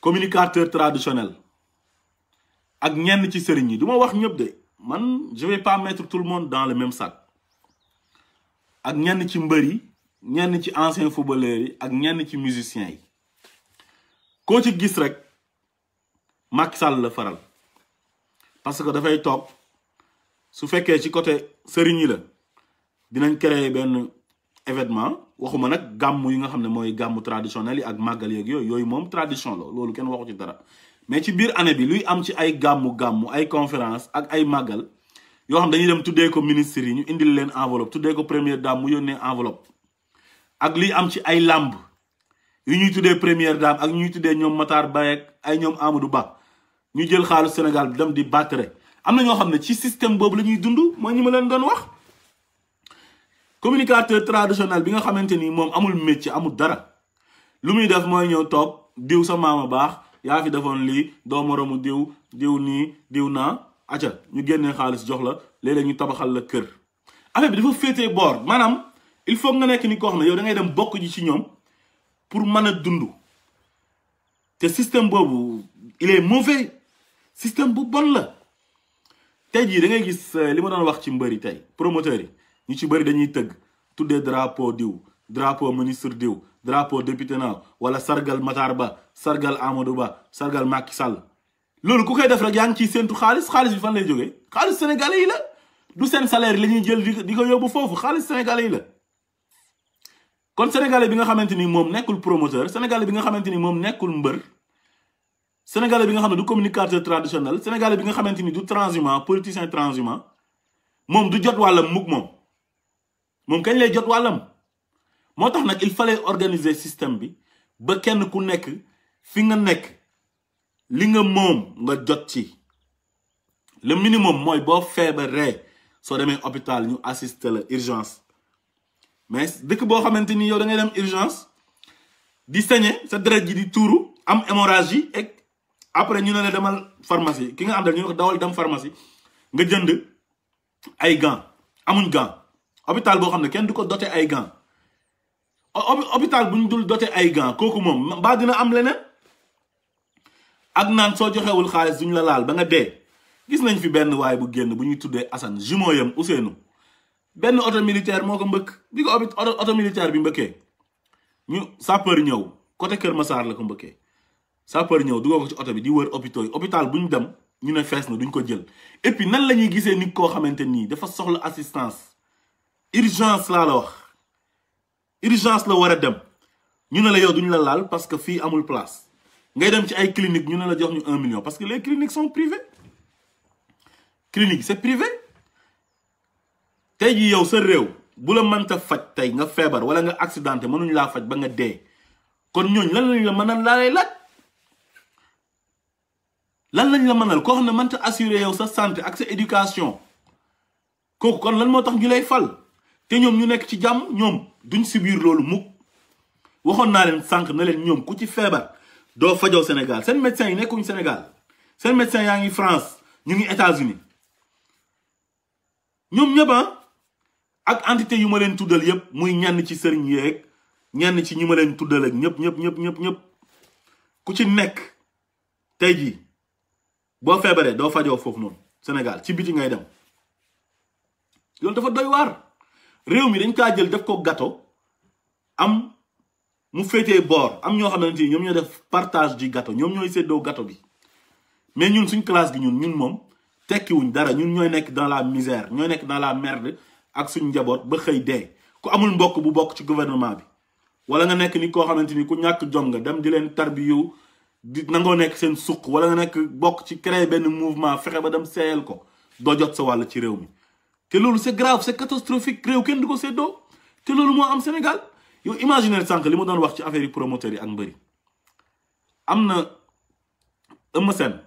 communicateur traditionnel ak ñenn ci sëriñ yi du wax ñëpp de man je vais pas mettre tout le monde dans le même sac ak ñenn ci mbër yi ñenn ci anciens footballeurs yi ak ñenn ci musiciens yi koo ci gis rek Macky Sall la faral parce que dafay toog. su fekkee ci côté sëriñ yi la dinañ créer benn événement waxuma nag gàmm yi nga xam ne mooy gàmmu traditionnel yi ak màggal yeeg yooyu moom tradition la loolu kenn waxu ci dara mais ci biir année bi luy am ci ay gàmmu gàmmu ay conférence ak ay màggal yoo xam dañuy dem tuddee ko ministres yi ñu indil leen enveloppe tuddee ko première dame mu yónnee enveloppe ak liy am ci ay làmb yu ñuy tuddee première dame ak ñuy tuddee ñoom Matar Ba ak ay ñoom Amadou Ba ñu jël xaalu Sénégal dem di battre am na ñoo xam ne ci système boobu la ñuy dund mooy ñi ma leen doon wax communicateur traditionnel bi nga xamante ni moom amul métier amul dara lu muy def mooy ñëw toog diw sa maama baax yaa fi defoon lii doo moroomu diw diw nii diw naa acca ñu génnee xaalis jox la léeg-léeg ñu tabaxal la kër affaire bi dafa féetee boor maanaam il faut nga nekk ni koo xam ne yow da ngay dem bokk ji ci ñoom pour mën a dund te système boobu il est mauvais système bu bon la tey jii da ngay gis euh, li ma doon wax ci mbëri tey promoteurs yi ñu ci bëri dañuy tëgg tuddee drapeau diw drapeau ministre diw drapeau député naaw wala sargal Matar Ba sargal Amadou Ba sargal Macky Sall loolu ku koy def rek yaa ngi ciy séntu xaalis xaalis bi fan lay jógee xaalis sénégalais yi la du seen salaire la ñuy jël di ko yóbbu foofu xaalis sénégalais yi la kon sénégalais bi nga xamante ni moom nekkul promoteur sénégalais bi nga xamante ni moom nekkul mbër sénégalais bi nga xam ne du communicateur traditionnel sénégalais bi nga xamante ni du transhumant politicien transhumant moom du jot wàllam mukk moom moom kañ lay jot wàllam moo tax nag il fallait organiser système bi ba kenn ku nekk fi nga nekk li nga moom nga jot ci le minimum mooy boo feebaree soo demee hôpital ñu assister la urgence mais dëkk boo xamante ni yow da dem urgence di saigner sa deret ji di tuuru am hémorragie et après ñu ne la demal pharmacie ki nga àndal ñu wax dawal dem pharmacie nga jënd ay gants amuñ gants hôpital boo xam ne kenn du ko dote ay gants hôpital bu ñu dul doté ay gants kooku moom mbaa dina am leneen ak naan soo joxewul xaalis duñ la laal ba nga dee gis nañ fi benn waaye bu génn bu ñuy tuddee Assane jumeau yam nu benn oto militaire moo ko mbëkk bi ko oto militaire bi mbëkkee ñu sapeur ñëw côté Kër Massar la ko mbëkkee sapeur ñëw duggoo ko ci oto bi di wër hôpital yi hôpital bu ñu dem ñu ne fees na duñ ko jël et puis nan la ñuy gisee nit koo xamante nii dafa soxla assistance urgence laa la wax urgence la war a dem ñu ne la yow duñu la laal parce que fii amul place ngay dem ci ay clinique ñu ne la jox ñu un million parce que les cliniques sont privées clinique c'est privé tey jii yow sa réew bu la mënta faj tey nga feebar wala nga accidenté mënuñu laa faj ba nga dee kon ñooñ lan lañ la mën a laa lay lan lañ la mënal koo xam ne mënta assurer yow sa santé ak sa éducation kooku kon lan moo tax ñu lay fal te ñoom ñu nekk ci jàmm ñoom duñ subir loolu mukk waxoon naa leen sànq na leen ñoom ku ci feebar doo fajoo Sénégal seen médecin yi nekkuñu Sénégal seen médecin yaa ngi France ñu ngi États-Unis ñoom ñëpp ah, ak entité yu ma leen tuddal yëpp muy ñenn ci sëriñ yeeg ñenn ci ñu ma leen tuddal ak ñëpp ñëpp ñëpp ñëpp ñëpp ku ci nekk tey jii boo feebaree doo fajoo foofu noonu Sénégal ci biti ngay dem loolu dafa doy waar réew mi dañ kaa jël def ko gato am mu féetee boor am ñoo xamante ñoom ñoo def partage du gato ñoom ñooy séddoo gato bi mais ñun suñ classe gi ñun ñun moom tekkiwuñ dara ñun ñooy nekk dans la misère ñooy nekk dans la merde ak suñ njaboot ba xëy dee ku amul mbokk bu bokk ci gouvernement bi wala nga nekk ni koo xamante ni ku ñàkk jom nga dem di leen tarbiyu di nangoo nekk seen suq wala nga nekk bokk ci créer benn mouvement fexe ba dem seeyal ko doo jot sa wàll ci réew mi te loolu c'est grave c'est catastrophique réew kenn du ko séddoo te loolu moo am Sénégal yow imaginer sànq li ma doon wax ci affaire yi promoteurs yi ak mbëri am na Eumeu Sène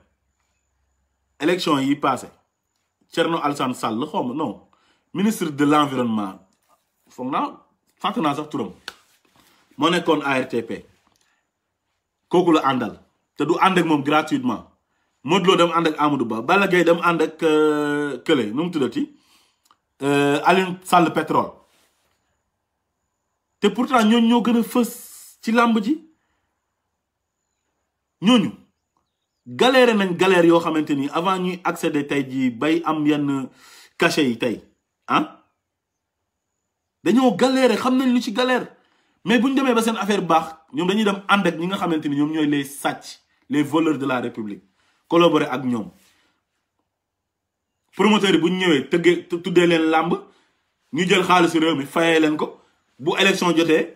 élection yi passé Thierno Alassane Sall xaw ma non ministre de l'environnement foog naa fàtte naa sax turam moo nekkoon ARTP kooku la àndal te du ànd ak moom gratuitement Modou Lo dem ànd ak Amadou Ba Balla Gaye dem ànd ak euh, Kële nu mu tuddati euh, alin Sall pétrole te pourtant ñooñu ñoo gën a fës ci làmb ji ñooñu galéré nañ galère yoo xamante ni avant ñuy accéder tey jii bay am yenn cachet yi tey ah dañoo galéré xam nañ lu ci galère mais bu ñu demee ba seen affaire baax ñoom dañuy dem ànd ak ñi nga xamante ni ñoom ñooy lay sàcc. les voleurs de la république collaborer ak ñoom promoteur yi bu ñu ñëwee tëggee tuddee leen làmb ñu jël xaalisu réew mi fayee leen ko bu élection jotee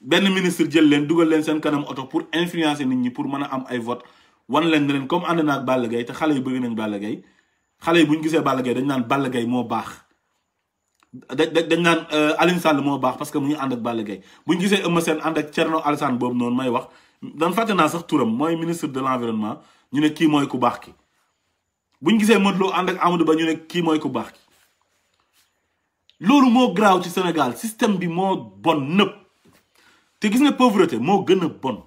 benn ministre jël leen dugal leen seen kanam oto pour influencer nit ñi pour mën a am ay vote wan leen ne leen comme ànd naa ak Balla Gaye te xale yi bëgg nañ Balla Gaye xale yi bu ñu gisee Balla Gaye dañ naan ball Gaye moo baax da dañ naan euh, Alioune Sall moo baax parce que mu ñu ànd ak Balla Gaye bu ñu gisee Eumeu Sène ànd ak Thierno Alassane boobu noonu may wax dan fàtte naa sax turam mooy ministre de l'environnement ñu ne kii mooy ku baax ki bu gisee Modou Lo ànd ak Amadou Ba ñu ne kii mooy ku baax ki loolu moo graaw ci Sénégal système bi moo bon nëpp te gis nga pauvreté moo gën a bon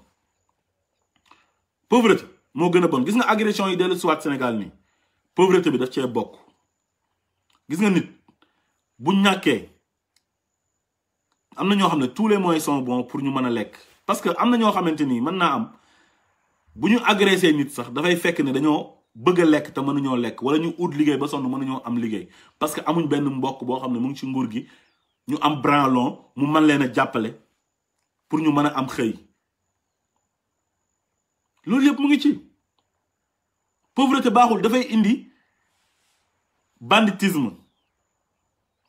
moo gën a bon gis nga agression yi dellu siwaat Sénégal nii pauvreté bi daf cee bokk gis nga nit bu ñàkkee am na ñoo xam ne tous les moyens sont bon pour ñu mën a lekk parce que am na ñoo xamante ni mën naa am bu ñu agressé nit sax dafay fekk ne dañoo bëgg lekk te mënuñoo lekk wala ñu ut liggéey ba sonn mënuñoo am liggéey parce que amuñ benn mbokk boo xam ne mu ngi ci nguur gi ñu am branlon mu mën leen a jàppale pour ñu mën a am xëy loolu yëpp mu ngi ci pauvreté baaxul dafay indi banditisme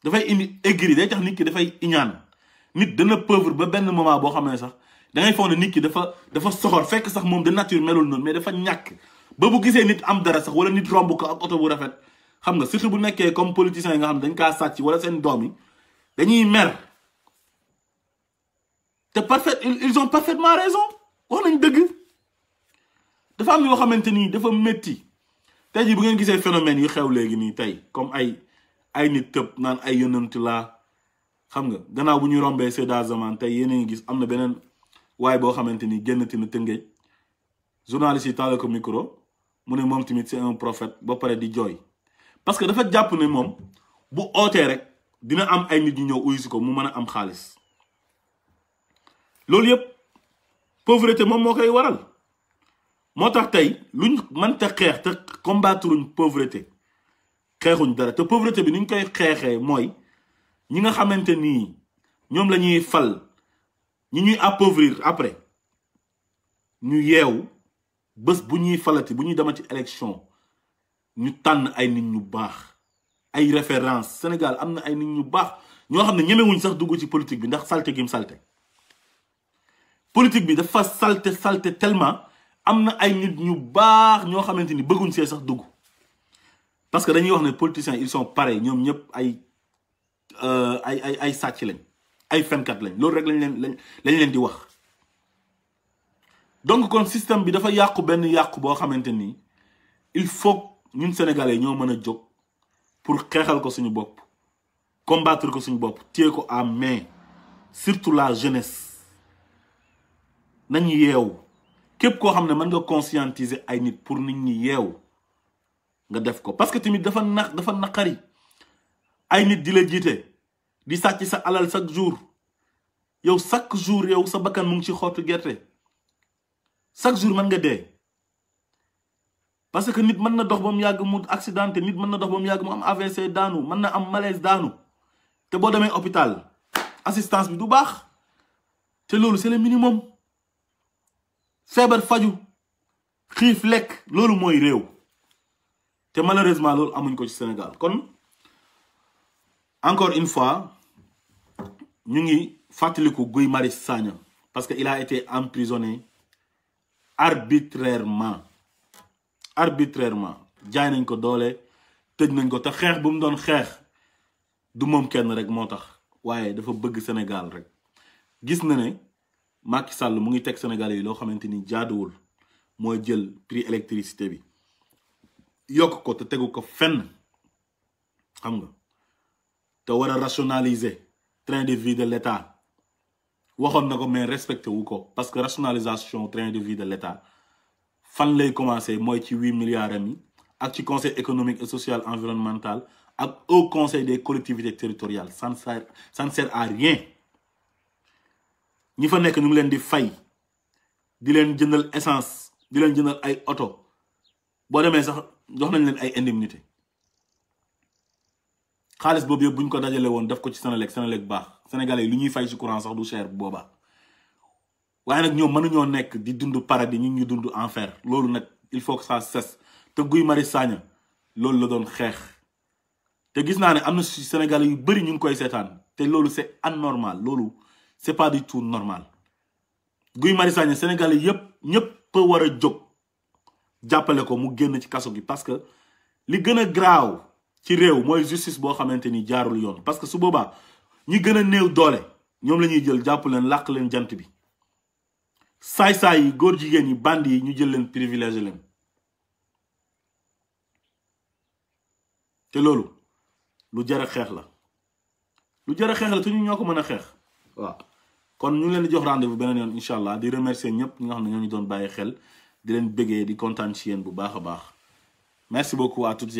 dafay indi aigri day tax nit ki dafay iñaan nit dana pauvre ba benn moment boo xam ne sax da ngay foog ne nit ki dafa dafa soxor fekk sax moom de nature melul noonu mais dafa ñàkk ba bu gisee nit am dara sax wala nit rombu ko ak oto bu rafet xam nga surtout bu nekkee comme politiciens yi nga xam dañ kaa seen doom dañuy mer te parfait ils ont parfaitement raison wax nañ dëgg dafa am yoo xamante nii dafa métti tey jii bu ngeen gisee phénomène yu xew léegi nii tey comme ay ay nit tëb naan ay yonent laa xam nga gannaaw bu ñuy rombee Seda Zaman tey yéen a ngi gis am na beneen waaye boo xamante ni génnati na tëngéej journaliste yi taale ko micro mu ne moom tamit c'est un prophète ba paree di jooy parce que dafa jàpp ne moom bu ootee rek dina am ay nit ñu ñëw uyu ko mu mën a am xaalis loolu yëpp pauvreté moom moo koy waral moo tax tey luñ te xeex te combattruñ pauvreté xeexuñ dara te pauvreté bi ni ñu koy xeexee mooy ñi nga xamante nii ñoom la ñuy fal ñu ñuy appauvrir après ñu yeewu bës bu ñuy falati bu ñuy dema ci élection ñu tànn ay nit ñu baax ay référence Sénégal am na ay nit ñu baax ñoo xam ne ñemewuñ sax duggu ci politique bi ndax salte gim salte politique bi dafa salte salte tellement am na ay nit ñu baax ñoo xamante ni bëgguñ see sax duggu parce que dañuy wax ne politiciens ils sont pare ñoom ñëpp ay euh, ay ay ay sàcc lañ ay fenkat lañ loolu rek lañ leen lañ leen di wax donc kon système bi dafa yàqu benn yàqu boo xamante nii il faut ñun sénégalais ñoo mën a jóg pour xeexal ko suñu bopp combattre ko suñu bopp téye ko à mais surtout la jeunesse nañ yeew képp koo xam ne mën nga conscientiser ay nit pour nit ñi yeew nga def ko parce que tamit dafa nax dafa naqari ay nit di la jiite di sàcc sa alal chaque jour yow chaque jour yow sa bakkan mu ngi ci xottu gerte chaque jour man nga dee parce que nit mën na dox ba mu yàgg mu accidenté nit mën na dox ba mu yàgg mu am AVC daanu mën na am malaise daanu te boo demee hôpital assistance bi du baax te loolu c'est le minimum feebar faju xiif lekk loolu mooy réew te malheureusement loolu amuñ ko ci Sénégal kon encore une fois ñu ngi fàttaliku Guy Marius Sagna parce que il a été emprisonné arbitrairement arbitrairement jaay nañ ko doole tëj nañ ko te xeex bu mu doon xeex du moom kenn rek moo tax waaye dafa bëgg Sénégal rek gis na ne Macky Sall mu ngi teg Sénégal yi loo xamante ni jaaduwul mooy jël prix électricité bi yokk ko te tegu ko fenn xam nga te war a train de vie de l'État waxoon na ko mais respecté wu ko parce que rationalisation train de vie de l'État fan lay commencé mooy ci huit milliards am yi ak ci conseil économique et social environnemental ak au conseil des collectivités territoriales ça ne sert ça à rien ñi fa nekk ñu ngi leen di fay di leen jëndal essence di leen jëndal ay oto boo demee sax jox nañ leen ay indemnité xaalis boobu yëpp bu ñu ko dajalee woon def ko ci Senelec Senelec baax sénégalais yi lu ñuy fay si courant sax du cher boobaa waaye nag ñoom nañoo nekk di dund paradis ñu ñu dund enfer loolu nag il faut que ça cesse te Guy Marius Sagna loolu la doon xeex te gis naa ne am na si sénégalais yu bëri ñu ngi koy seetaan te loolu c'est anormal loolu c'est pas du tout normal Guy Marius Sagna sénégalais yëpp ñëpp war a jóg jàppale ko mu génn ci kaso gi parce que li gën a graaw ci réew mooy justice boo xamante ni jaarul yoon parce que su boobaa ñi gën a néew doole ñoom la ñuy jël jàpp leen làq leen jant bi saay-saay yi góor jigéen yi band yi ñu jël leen privilège leen te loolu lu jar a xeex la lu jar a xeex la te ñu ñoo ko mën a xeex waaw kon ñu leen di jox rendez-vous beneen yoon incha allah di remercier ñëpp ñi nga xam ne ñoo ñu doon bàyyi xel di leen bëggee di kontaan ci yéen bu baax a baax Merci beaucoup à toutes